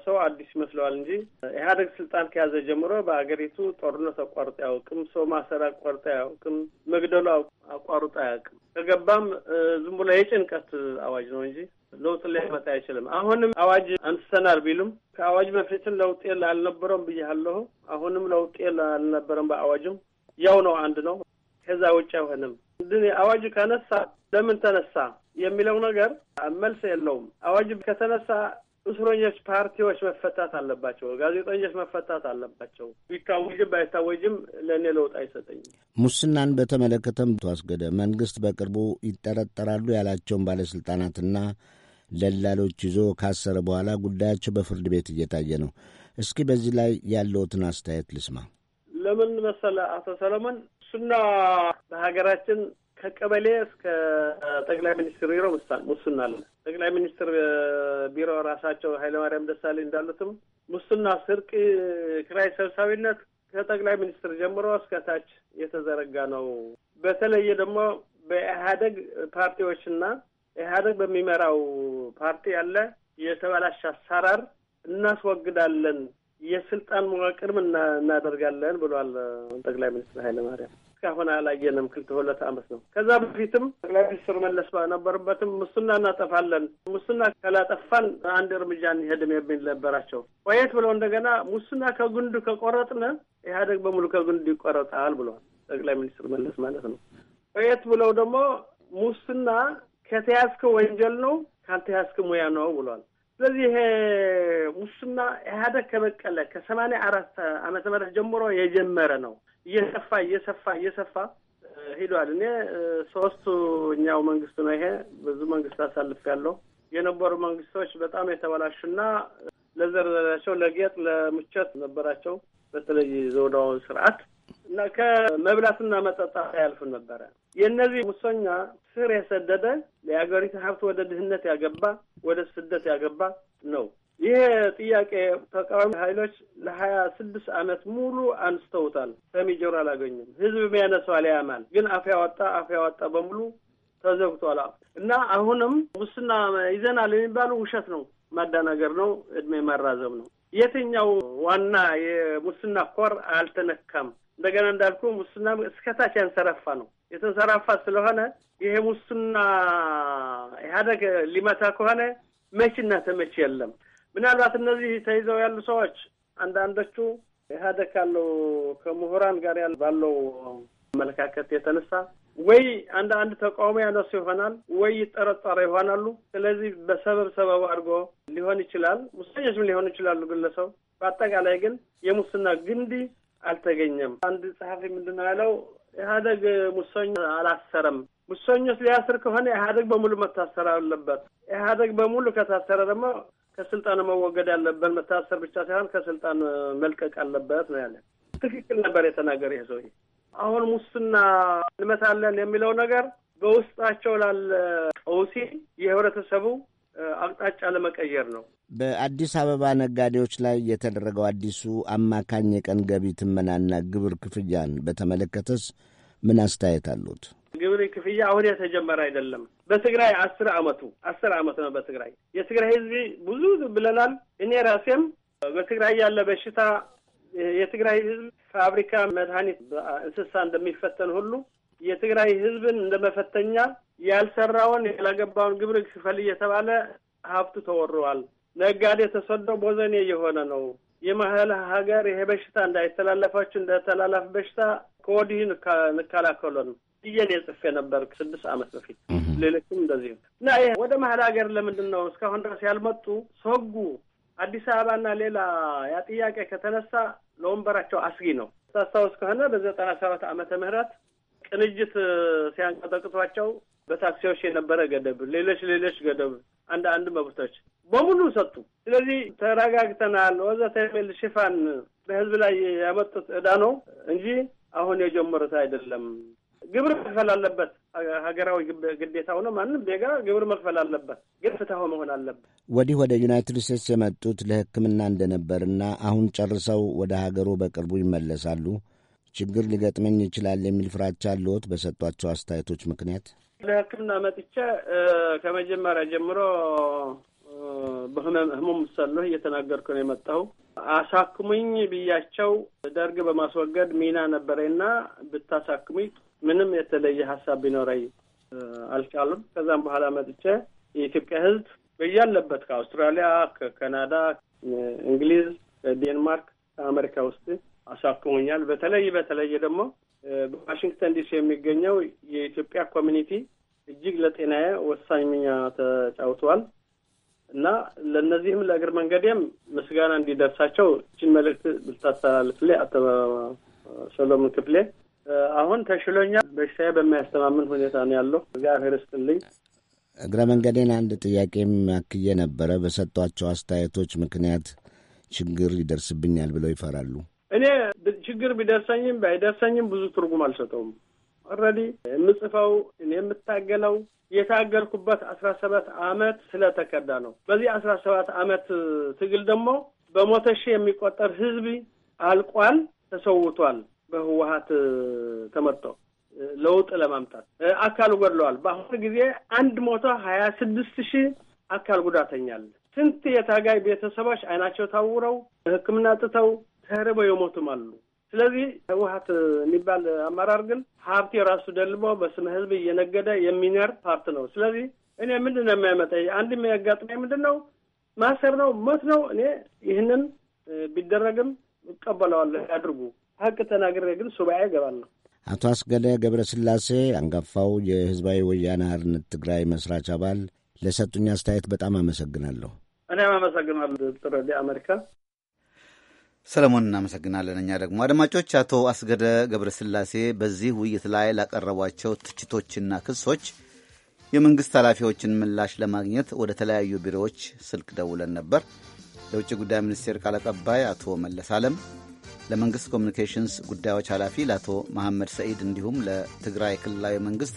ሰው አዲስ ይመስለዋል እንጂ ኢህአዴግ ስልጣን ከያዘ ጀምሮ በአገሪቱ ጦርነት አቋርጦ አያውቅም። ሰው ማሰር አቋርጦ አያውቅም። መግደሉ አቋርጦ አያውቅም። ከገባም ዝም ብሎ የጭንቀት አዋጅ ነው እንጂ ለውጥ ሊያመጣ አይችልም። አሁንም አዋጅ አንስተናል ቢሉም ከአዋጅ በፊትም ለውጥ አልነበረም ብያለሁ። አሁንም ለውጥ አልነበረም። በአዋጅም ያው ነው፣ አንድ ነው። ከዛ ውጭ አይሆንም። አዋጅ ከነሳ ለምን ተነሳ? የሚለው ነገር መልስ የለውም። አዋጅ ከተነሳ እስረኞች ፓርቲዎች መፈታት አለባቸው፣ ጋዜጠኞች መፈታት አለባቸው። ቢታወጅም ባይታወጅም ለእኔ ለውጥ አይሰጠኝም። ሙስናን በተመለከተም ተዋስገደ መንግስት በቅርቡ ይጠረጠራሉ ያላቸውን ባለስልጣናትና ደላሎች ይዞ ካሰረ በኋላ ጉዳያቸው በፍርድ ቤት እየታየ ነው። እስኪ በዚህ ላይ ያለውትን አስተያየት ልስማ። ለምን መሰለ አቶ ሰለሞን ሙስና በሀገራችን ከቀበሌ እስከ ጠቅላይ ሚኒስትር ቢሮ ሙስና አለ። ጠቅላይ ሚኒስትር ቢሮ ራሳቸው ኃይለማርያም ደሳሌ እንዳሉትም ሙስና ስርቅ ክራይ ሰብሳቢነት ከጠቅላይ ሚኒስትር ጀምሮ እስከታች የተዘረጋ ነው። በተለየ ደግሞ በኢህአደግ ፓርቲዎችና ኢህአደግ በሚመራው ፓርቲ ያለ የተበላሸ አሰራር እናስወግዳለን፣ የስልጣን መዋቅርም እናደርጋለን ብሏል ጠቅላይ ሚኒስትር ኃይለማርያም እስካሁን አላየንም። ሁለት አመት ነው። ከዛ በፊትም ጠቅላይ ሚኒስትር መለስ ባነበርበትም ሙስና እናጠፋለን፣ ሙስና ካላጠፋን አንድ እርምጃ እንሄድም የሚል ነበራቸው። ቆየት ብለው እንደገና ሙስና ከጉንዱ ከቆረጥነ ኢህአደግ በሙሉ ከጉንዱ ይቆረጣል ብለዋል። ጠቅላይ ሚኒስትር መለስ ማለት ነው። ቆየት ብለው ደግሞ ሙስና ከተያዝክ ወንጀል ነው፣ ካልተያዝክ ሙያ ነው ብሏል። ስለዚህ ይሄ ሙስና ኢህአደግ ከበቀለ ከሰማንያ አራት አመተ ምህረት ጀምሮ የጀመረ ነው። እየሰፋ እየሰፋ እየሰፋ ሂዷል። እኔ ሶስተኛው መንግስት ነው ይሄ። ብዙ መንግስት አሳልፍ ያለው የነበሩ መንግስቶች በጣም የተበላሹና ለዘርዘራቸው ለጌጥ ለምቾት ነበራቸው። በተለይ ዘውዳውን ስርዓት እና ከመብላትና መጠጣት አያልፍም ነበረ። የእነዚህ ሙሰኛ ስር የሰደደ የሀገሪቱ ሀብት ወደ ድህነት ያገባ ወደ ስደት ያገባ ነው። ይህ ጥያቄ ተቃዋሚ ኃይሎች ለሀያ ስድስት ዓመት ሙሉ አንስተውታል። ሰሚ ጆሮ አላገኙም። ህዝብ የሚያነሳዋል ያማል፣ ግን አፍ ያወጣ አፍ ያወጣ በሙሉ ተዘግቷል። እና አሁንም ሙስና ይዘናል የሚባለው ውሸት ነው፣ ማደናገር ነው፣ እድሜ ማራዘም ነው። የትኛው ዋና የሙስና ኮር አልተነካም። እንደገና እንዳልኩ ሙስና እስከታች ያንሰራፋ ነው። የተንሰራፋ ስለሆነ ይሄ ሙስና ኢህአዴግ ሊመታ ከሆነ መችና ተመች የለም። ምናልባት እነዚህ ተይዘው ያሉ ሰዎች አንዳንዶቹ ኢህአዴግ ካለው ከምሁራን ጋር ባለው አመለካከት የተነሳ ወይ አንድ አንድ ተቃውሞ ያነሱ ይሆናል ወይ ይጠረጠረ ይሆናሉ። ስለዚህ በሰበብ ሰበብ አድርጎ ሊሆን ይችላል። ሙሰኞችም ሊሆኑ ይችላሉ ግለሰብ። በአጠቃላይ ግን የሙስና ግንዲ አልተገኘም። አንድ ጸሐፊ ምንድን ነው ያለው? ኢህአደግ ሙሰኞ አላሰረም። ሙሰኞች ሊያስር ከሆነ ኢህአደግ በሙሉ መታሰር አለበት። ኢህአደግ በሙሉ ከታሰረ ደግሞ ከስልጣን መወገድ ያለበት መታሰር ብቻ ሳይሆን ከስልጣን መልቀቅ አለበት ነው ያለ። ትክክል ነበር የተናገረ ይህ ሰውዬ። አሁን ሙስና እንመታለን የሚለው ነገር በውስጣቸው ላለ ቀውሲ የህብረተሰቡ አቅጣጫ ለመቀየር ነው። በአዲስ አበባ ነጋዴዎች ላይ የተደረገው አዲሱ አማካኝ የቀን ገቢ ትመናና ግብር ክፍያን በተመለከተስ ምን አስተያየት አሉት? ግብር ክፍያ አሁን የተጀመረ አይደለም። በትግራይ አስር አመቱ አስር አመት ነው። በትግራይ የትግራይ ህዝብ ብዙ ብለናል። እኔ ራሴም በትግራይ ያለ በሽታ የትግራይ ህዝብ ፋብሪካ መድኃኒት እንስሳ እንደሚፈተን ሁሉ የትግራይ ህዝብን እንደመፈተኛ ያልሰራውን ያላገባውን ግብር ክፈል እየተባለ ሀብቱ ተወሯል። ነጋዴ ተሰዶ ቦዘኔ የሆነ ነው። የመሀል ሀገር ይሄ በሽታ እንዳይተላለፋችሁ እንደተላላፍ በሽታ ከወዲህ እንከላከሉን። ብዬ ጽፍ ነበር ስድስት ዓመት በፊት ሌሎችም እንደዚህ እና ይሄ ወደ መሀል ሀገር ለምንድን ነው እስካሁን ድረስ ያልመጡ ሰጉ አዲስ አበባና ሌላ ያ ጥያቄ ከተነሳ ለወንበራቸው አስጊ ነው። ታስታውስ ከሆነ በዘጠና ሰባት ዓመተ ምህረት ቅንጅት ሲያንቀጠቅጧቸው በታክሲዎች የነበረ ገደብ፣ ሌሎች ሌሎች ገደብ፣ አንድ አንድ መብቶች በሙሉ ሰጡ። ስለዚህ ተረጋግተናል ወዘተ የሚል ሽፋን በህዝብ ላይ ያመጡት እዳ ነው እንጂ አሁን የጀመሩት አይደለም። ግብር መክፈል አለበት። ሀገራዊ ግዴታው ነው። ማንም ዜጋ ግብር መክፈል አለበት፣ ግን ፍትሐዊ መሆን አለበት። ወዲህ ወደ ዩናይትድ ስቴትስ የመጡት ለሕክምና እንደነበርና አሁን ጨርሰው ወደ ሀገሩ በቅርቡ ይመለሳሉ ችግር ሊገጥመኝ ይችላል የሚል ፍራቻ አለዎት? በሰጧቸው አስተያየቶች ምክንያት ለሕክምና መጥቼ ከመጀመሪያ ጀምሮ በህመም ሳለሁ እየተናገርኩ ነው የመጣው። አሳክሙኝ ብያቸው ደርግ በማስወገድ ሚና ነበረና ብታሳክሙኝ ምንም የተለየ ሀሳብ ቢኖረኝ አልቻሉም። ከዛም በኋላ መጥቼ የኢትዮጵያ ሕዝብ በያለበት ከአውስትራሊያ፣ ከካናዳ፣ እንግሊዝ፣ ከዴንማርክ፣ ከአሜሪካ ውስጥ አሳክሞኛል። በተለይ በተለይ ደግሞ በዋሽንግተን ዲሲ የሚገኘው የኢትዮጵያ ኮሚኒቲ እጅግ ለጤናዬ ወሳኝ ሚና ተጫውተዋል እና ለእነዚህም ለእግር መንገዴም ምስጋና እንዲደርሳቸው እችን መልእክት ብልታስተላልፍልኝ አቶ ሰሎሞን ክፍሌ አሁን ተሽሎኛል። በሽታዬ በሚያስተማምን ሁኔታ ነው ያለው። እግዚአብሔር ይስጥልኝ። እግረ መንገዴን አንድ ጥያቄም አክዬ ነበረ። በሰጧቸው አስተያየቶች ምክንያት ችግር ይደርስብኛል ብለው ይፈራሉ። እኔ ችግር ቢደርሰኝም ባይደርሰኝም ብዙ ትርጉም አልሰጠውም። ኦልሬዲ የምጽፈው እኔ የምታገለው የታገልኩበት አስራ ሰባት አመት ስለተከዳ ነው። በዚህ አስራ ሰባት አመት ትግል ደግሞ በሞተ ሺህ የሚቆጠር ህዝብ አልቋል፣ ተሰውቷል። በህወሀት ተመርጠው ለውጥ ለማምጣት አካል ጎድለዋል። በአሁኑ ጊዜ አንድ መቶ ሀያ ስድስት ሺህ አካል ጉዳተኛል። ስንት የታጋይ ቤተሰቦች አይናቸው ታውረው ሕክምና ጥተው ተርበው የሞቱም አሉ። ስለዚህ ህወሀት የሚባል አመራር ግን ሀብት የራሱ ደልቦ በስመ ህዝብ እየነገደ የሚነር ፓርት ነው። ስለዚህ እኔ ምንድን ነው የሚያመጣ አንድ የሚያጋጥመኝ ምንድን ነው? ማሰር ነው፣ ሞት ነው። እኔ ይህንን ቢደረግም እቀበለዋለሁ። ያድርጉ። ሀቅ ተናግሬ ግን ሱባኤ እገባለሁ። አቶ አስገደ ገብረስላሴ አንጋፋው የህዝባዊ ወያነ ሓርነት ትግራይ መስራች አባል ለሰጡኝ አስተያየት በጣም አመሰግናለሁ። እኔም አመሰግናለሁ ጥሩ አሜሪካ ሰለሞን እናመሰግናለን። እኛ ደግሞ አድማጮች፣ አቶ አስገደ ገብረስላሴ በዚህ ውይይት ላይ ላቀረቧቸው ትችቶችና ክሶች የመንግሥት ኃላፊዎችን ምላሽ ለማግኘት ወደ ተለያዩ ቢሮዎች ስልክ ደውለን ነበር። ለውጭ ጉዳይ ሚኒስቴር ቃል አቀባይ አቶ መለስ አለም ለመንግስት ኮሚኒኬሽንስ ጉዳዮች ኃላፊ ለአቶ መሐመድ ሰኢድ እንዲሁም ለትግራይ ክልላዊ መንግስት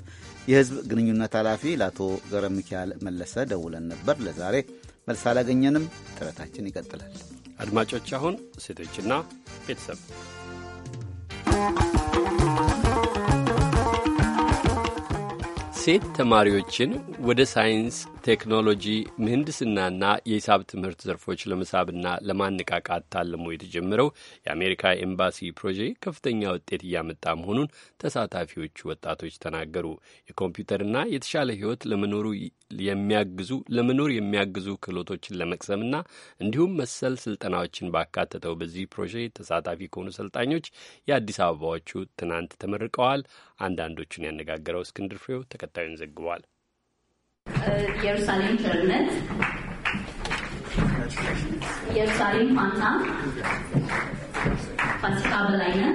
የህዝብ ግንኙነት ኃላፊ ለአቶ ገብረ ሚካኤል መለሰ ደውለን ነበር። ለዛሬ መልስ አላገኘንም። ጥረታችን ይቀጥላል። አድማጮች፣ አሁን ሴቶችና ቤተሰብ ሴት ተማሪዎችን ወደ ሳይንስ ቴክኖሎጂ፣ ምህንድስናና የሂሳብ ትምህርት ዘርፎች ለመሳብና ለማነቃቃት ታልሞ የተጀመረው የአሜሪካ ኤምባሲ ፕሮጀክት ከፍተኛ ውጤት እያመጣ መሆኑን ተሳታፊዎቹ ወጣቶች ተናገሩ። የኮምፒውተርና የተሻለ ህይወት ለመኖሩ የሚያግዙ ለመኖር የሚያግዙ ክህሎቶችን ለመቅሰምና እንዲሁም መሰል ስልጠናዎችን ባካተተው በዚህ ፕሮጀክት ተሳታፊ ከሆኑ ሰልጣኞች የአዲስ አበባዎቹ ትናንት ተመርቀዋል። አንዳንዶቹን ያነጋገረው እስክንድር ፍሬው ተከታዩን ዘግቧል። Երուսալիմ ջրնեց Երուսալիմ փանթա Պասիկա բլայնը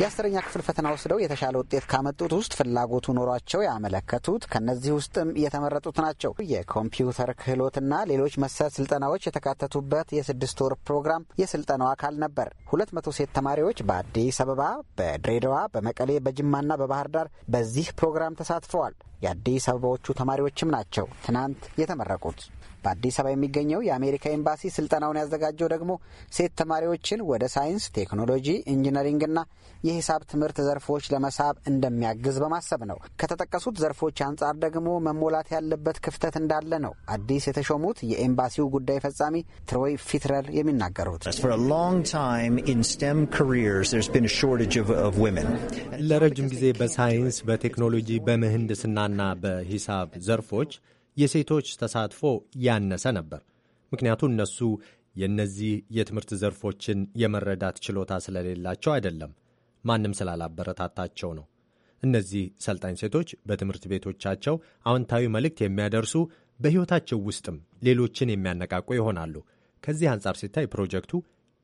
የአስረኛ ክፍል ፈተና ወስደው የተሻለ ውጤት ካመጡት ውስጥ ፍላጎቱ ኖሯቸው ያመለከቱት ከነዚህ ውስጥም የተመረጡት ናቸው። የኮምፒውተር ክህሎትና ሌሎች መሰል ስልጠናዎች የተካተቱበት የስድስት ወር ፕሮግራም የስልጠናው አካል ነበር። ሁለት መቶ ሴት ተማሪዎች በአዲስ አበባ፣ በድሬዳዋ፣ በመቀሌ፣ በጅማና በባህር ዳር በዚህ ፕሮግራም ተሳትፈዋል። የአዲስ አበባዎቹ ተማሪዎችም ናቸው ትናንት የተመረቁት። በአዲስ አበባ የሚገኘው የአሜሪካ ኤምባሲ ስልጠናውን ያዘጋጀው ደግሞ ሴት ተማሪዎችን ወደ ሳይንስ፣ ቴክኖሎጂ፣ ኢንጂነሪንግና የሂሳብ ትምህርት ዘርፎች ለመሳብ እንደሚያግዝ በማሰብ ነው። ከተጠቀሱት ዘርፎች አንጻር ደግሞ መሞላት ያለበት ክፍተት እንዳለ ነው አዲስ የተሾሙት የኤምባሲው ጉዳይ ፈጻሚ ትሮይ ፊትረር የሚናገሩት። ለረጅም ጊዜ በሳይንስ በቴክኖሎጂ በምህንድስናና በሂሳብ ዘርፎች የሴቶች ተሳትፎ ያነሰ ነበር። ምክንያቱ እነሱ የእነዚህ የትምህርት ዘርፎችን የመረዳት ችሎታ ስለሌላቸው አይደለም፣ ማንም ስላላበረታታቸው ነው። እነዚህ ሰልጣኝ ሴቶች በትምህርት ቤቶቻቸው አዎንታዊ መልእክት የሚያደርሱ በሕይወታቸው ውስጥም ሌሎችን የሚያነቃቁ ይሆናሉ። ከዚህ አንጻር ሲታይ ፕሮጀክቱ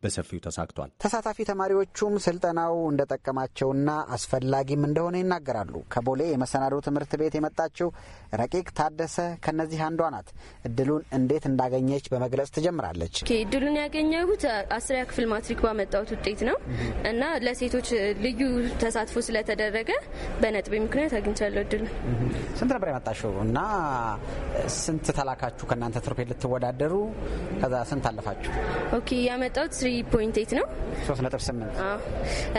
በሰፊው ተሳክቷል። ተሳታፊ ተማሪዎቹም ስልጠናው እንደጠቀማቸውና አስፈላጊም እንደሆነ ይናገራሉ። ከቦሌ የመሰናዶ ትምህርት ቤት የመጣችው ረቂቅ ታደሰ ከነዚህ አንዷ ናት። እድሉን እንዴት እንዳገኘች በመግለጽ ትጀምራለች። እድሉን ያገኘሁት አስሪያ ክፍል ማትሪክ ባመጣሁት ውጤት ነው እና ለሴቶች ልዩ ተሳትፎ ስለተደረገ በነጥቤ ምክንያት አግኝቻለሁ እድሉን። ስንት ነበር ያመጣሽው እና ስንት ተላካችሁ? ከእናንተ ትርፌ ልትወዳደሩ ከዛ ስንት አለፋችሁ? ኦኬ ያመጣሁት ስሪ ፖይንት ኤት ነው ሶስት ነጥብ ስምንት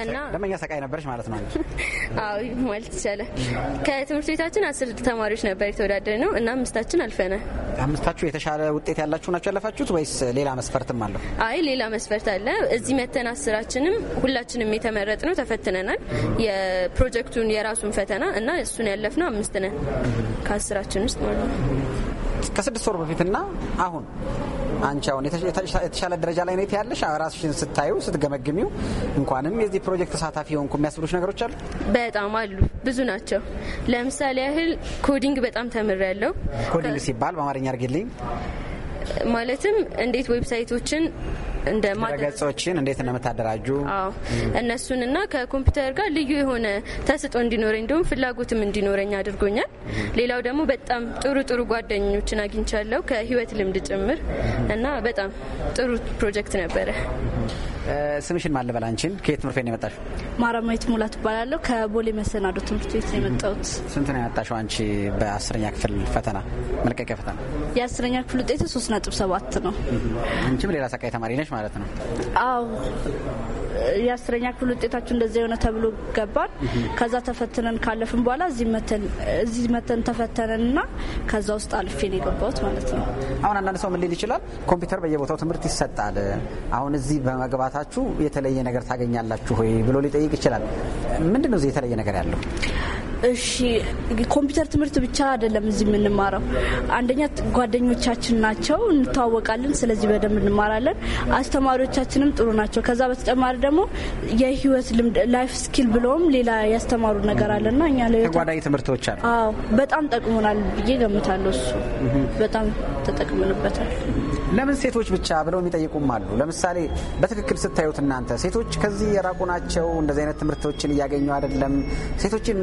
እና ደመኛ ሰቃይ ነበረች ማለት ነው። አዎ ማለት ይቻላል። ከትምህርት ቤታችን አስር ተማሪዎች ነበር የተወዳደር ነው እና አምስታችን አልፈናል። አምስታችሁ የተሻለ ውጤት ያላችሁ ናቸው ያለፋችሁት ወይስ ሌላ መስፈርትም አለው? አይ ሌላ መስፈርት አለ። እዚህ መተን አስራችንም ሁላችንም የተመረጥ ነው ተፈትነናል። የፕሮጀክቱን የራሱን ፈተና እና እሱን ያለፍነው አምስት ነን ከአስራችን ውስጥ ማለት ነው። ከስድስት ወር በፊትና አሁን አንቺ አሁን የተሻለ ደረጃ ላይ ነው ያለሽ? ራስሽን ስታዩ ስትገመግሚው፣ እንኳንም የዚህ ፕሮጀክት ተሳታፊ የሆንኩ የሚያስብሎች ነገሮች አሉ? በጣም አሉ፣ ብዙ ናቸው። ለምሳሌ ያህል ኮዲንግ በጣም ተምሬያለሁ። ኮዲንግ ሲባል በአማርኛ አድርጌልኝ ማለትም እንዴት ዌብሳይቶችን እንደ ገጾችን እንዴት እንደምታደራጁ እነሱንና ከኮምፒውተር ጋር ልዩ የሆነ ተስጦ እንዲኖረኝ እንዲሁም ፍላጎትም እንዲኖረኝ አድርጎኛል። ሌላው ደግሞ በጣም ጥሩ ጥሩ ጓደኞችን አግኝቻለሁ ከህይወት ልምድ ጭምር እና በጣም ጥሩ ፕሮጀክት ነበረ። ስምሽን ማን ልበል? አንቺን ከየት ትምህርት ቤት ነው የመጣሽው? ማራማዊት ሙላ ትባላለሁ። ከቦሌ መሰናዶ ትምህርት ቤት ነው የመጣሁት። ስንት ነው ያመጣሽው አንቺ በአስረኛ ክፍል ፈተና መልቀቂያ ፈተና? የአስረኛ ክፍል ውጤት ሶስት ነጥብ ሰባት ነው። አንቺም ሌላ ሰቃይ ተማሪ ነሽ ማለት ነው? አዎ የአስረኛ ክፍል ውጤታችሁ እንደዛ የሆነ ተብሎ ገባን። ከዛ ተፈትነን ካለፍን በኋላ እዚህ መተን ተፈተነን እና ከዛ ውስጥ አልፌ ነው የገባሁት ማለት ነው። አሁን አንዳንድ ሰው ምን ሊል ይችላል፣ ኮምፒውተር በየቦታው ትምህርት ይሰጣል፣ አሁን እዚህ በመግባታችሁ የተለየ ነገር ታገኛላችሁ ወይ ብሎ ሊጠይቅ ይችላል። ምንድን ነው እዚህ የተለየ ነገር ያለው? እሺ ኮምፒውተር ትምህርት ብቻ አይደለም እዚህ የምንማረው። አንደኛ ጓደኞቻችን ናቸው፣ እንተዋወቃለን። ስለዚህ በደንብ እንማራለን። አስተማሪዎቻችንም ጥሩ ናቸው። ከዛ በተጨማሪ ደግሞ የህይወት ልምድ ላይፍ ስኪል ብለውም ሌላ ያስተማሩ ነገር አለና እኛ ተጓዳኝ ትምህርቶች አሉ። አዎ በጣም ጠቅሞናል ብዬ ገምታለሁ። እሱ በጣም ተጠቅምንበታል። ለምን ሴቶች ብቻ ብለው የሚጠይቁም አሉ። ለምሳሌ በትክክል ስታዩት እናንተ ሴቶች ከዚህ የራቁ ናቸው፣ እንደዚህ አይነት ትምህርቶችን እያገኙ አይደለም። ሴቶችን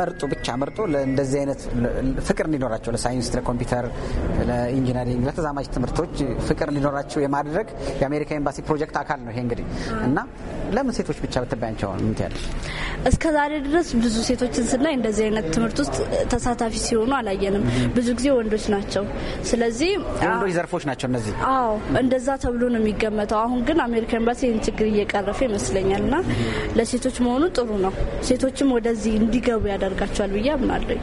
መርጦ ብቻ መርጦ እንደዚህ አይነት ፍቅር እንዲኖራቸው ለሳይንስ፣ ለኮምፒውተር፣ ለኢንጂነሪንግ፣ ለተዛማጅ ትምህርቶች ፍቅር እንዲኖራቸው የማድረግ የአሜሪካ ኤምባሲ ፕሮጀክት አካል ነው ይሄ እንግዲህ እና ለምን ሴቶች ብቻ ብትባያቸው ምት ያለች እስከ ዛሬ ድረስ ብዙ ሴቶችን ስናይ እንደዚህ አይነት ትምህርት ውስጥ ተሳታፊ ሲሆኑ አላየንም። ብዙ ጊዜ ወንዶች ናቸው። ስለዚህ ወንዶች ዘርፎች ናቸው ናቸው እነዚህ? አዎ እንደዛ ተብሎ ነው የሚገመተው። አሁን ግን አሜሪካ ኤምባሲ ይህን ችግር እየቀረፈ ይመስለኛል እና ለሴቶች መሆኑ ጥሩ ነው። ሴቶችም ወደዚህ እንዲገቡ ያደርጋቸዋል ብዬ አምናለኝ።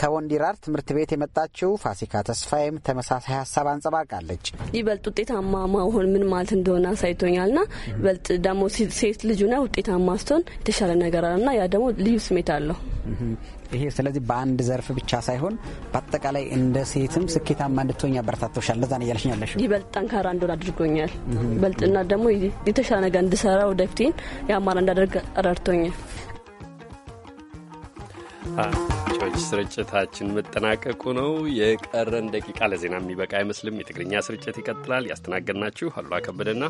ከወንዲራር ትምህርት ቤት የመጣችው ፋሲካ ተስፋዬም ተመሳሳይ ሀሳብ አንጸባርቃለች። ይበልጥ ውጤታማ መሆን ምን ማለት እንደሆነ አሳይቶኛል ና ይበልጥ ደግሞ ሴት ልጁ ና ውጤታማ ስትሆን የተሻለ ነገር አለ ና ያ ደግሞ ልዩ ስሜት አለው። ይሄ ስለዚህ በአንድ ዘርፍ ብቻ ሳይሆን በአጠቃላይ እንደ ሴትም ስኬታማ እንድትሆኝ ያበረታቶሻል። ለዛ ነው እያልሽኝ ያለሽ። ይበልጥ ጠንካራ እንደሆን አድርጎኛል። በልጥና ደግሞ የተሻለ ነገር እንድሰራ ወደፊቴን የአማራ እንዳደርግ ረድቶኛል። ጆች ስርጭታችን መጠናቀቁ ነው። የቀረን ደቂቃ ለዜና የሚበቃ አይመስልም። የትግርኛ ስርጭት ይቀጥላል። ያስተናገድናችሁ አሉላ ከበደና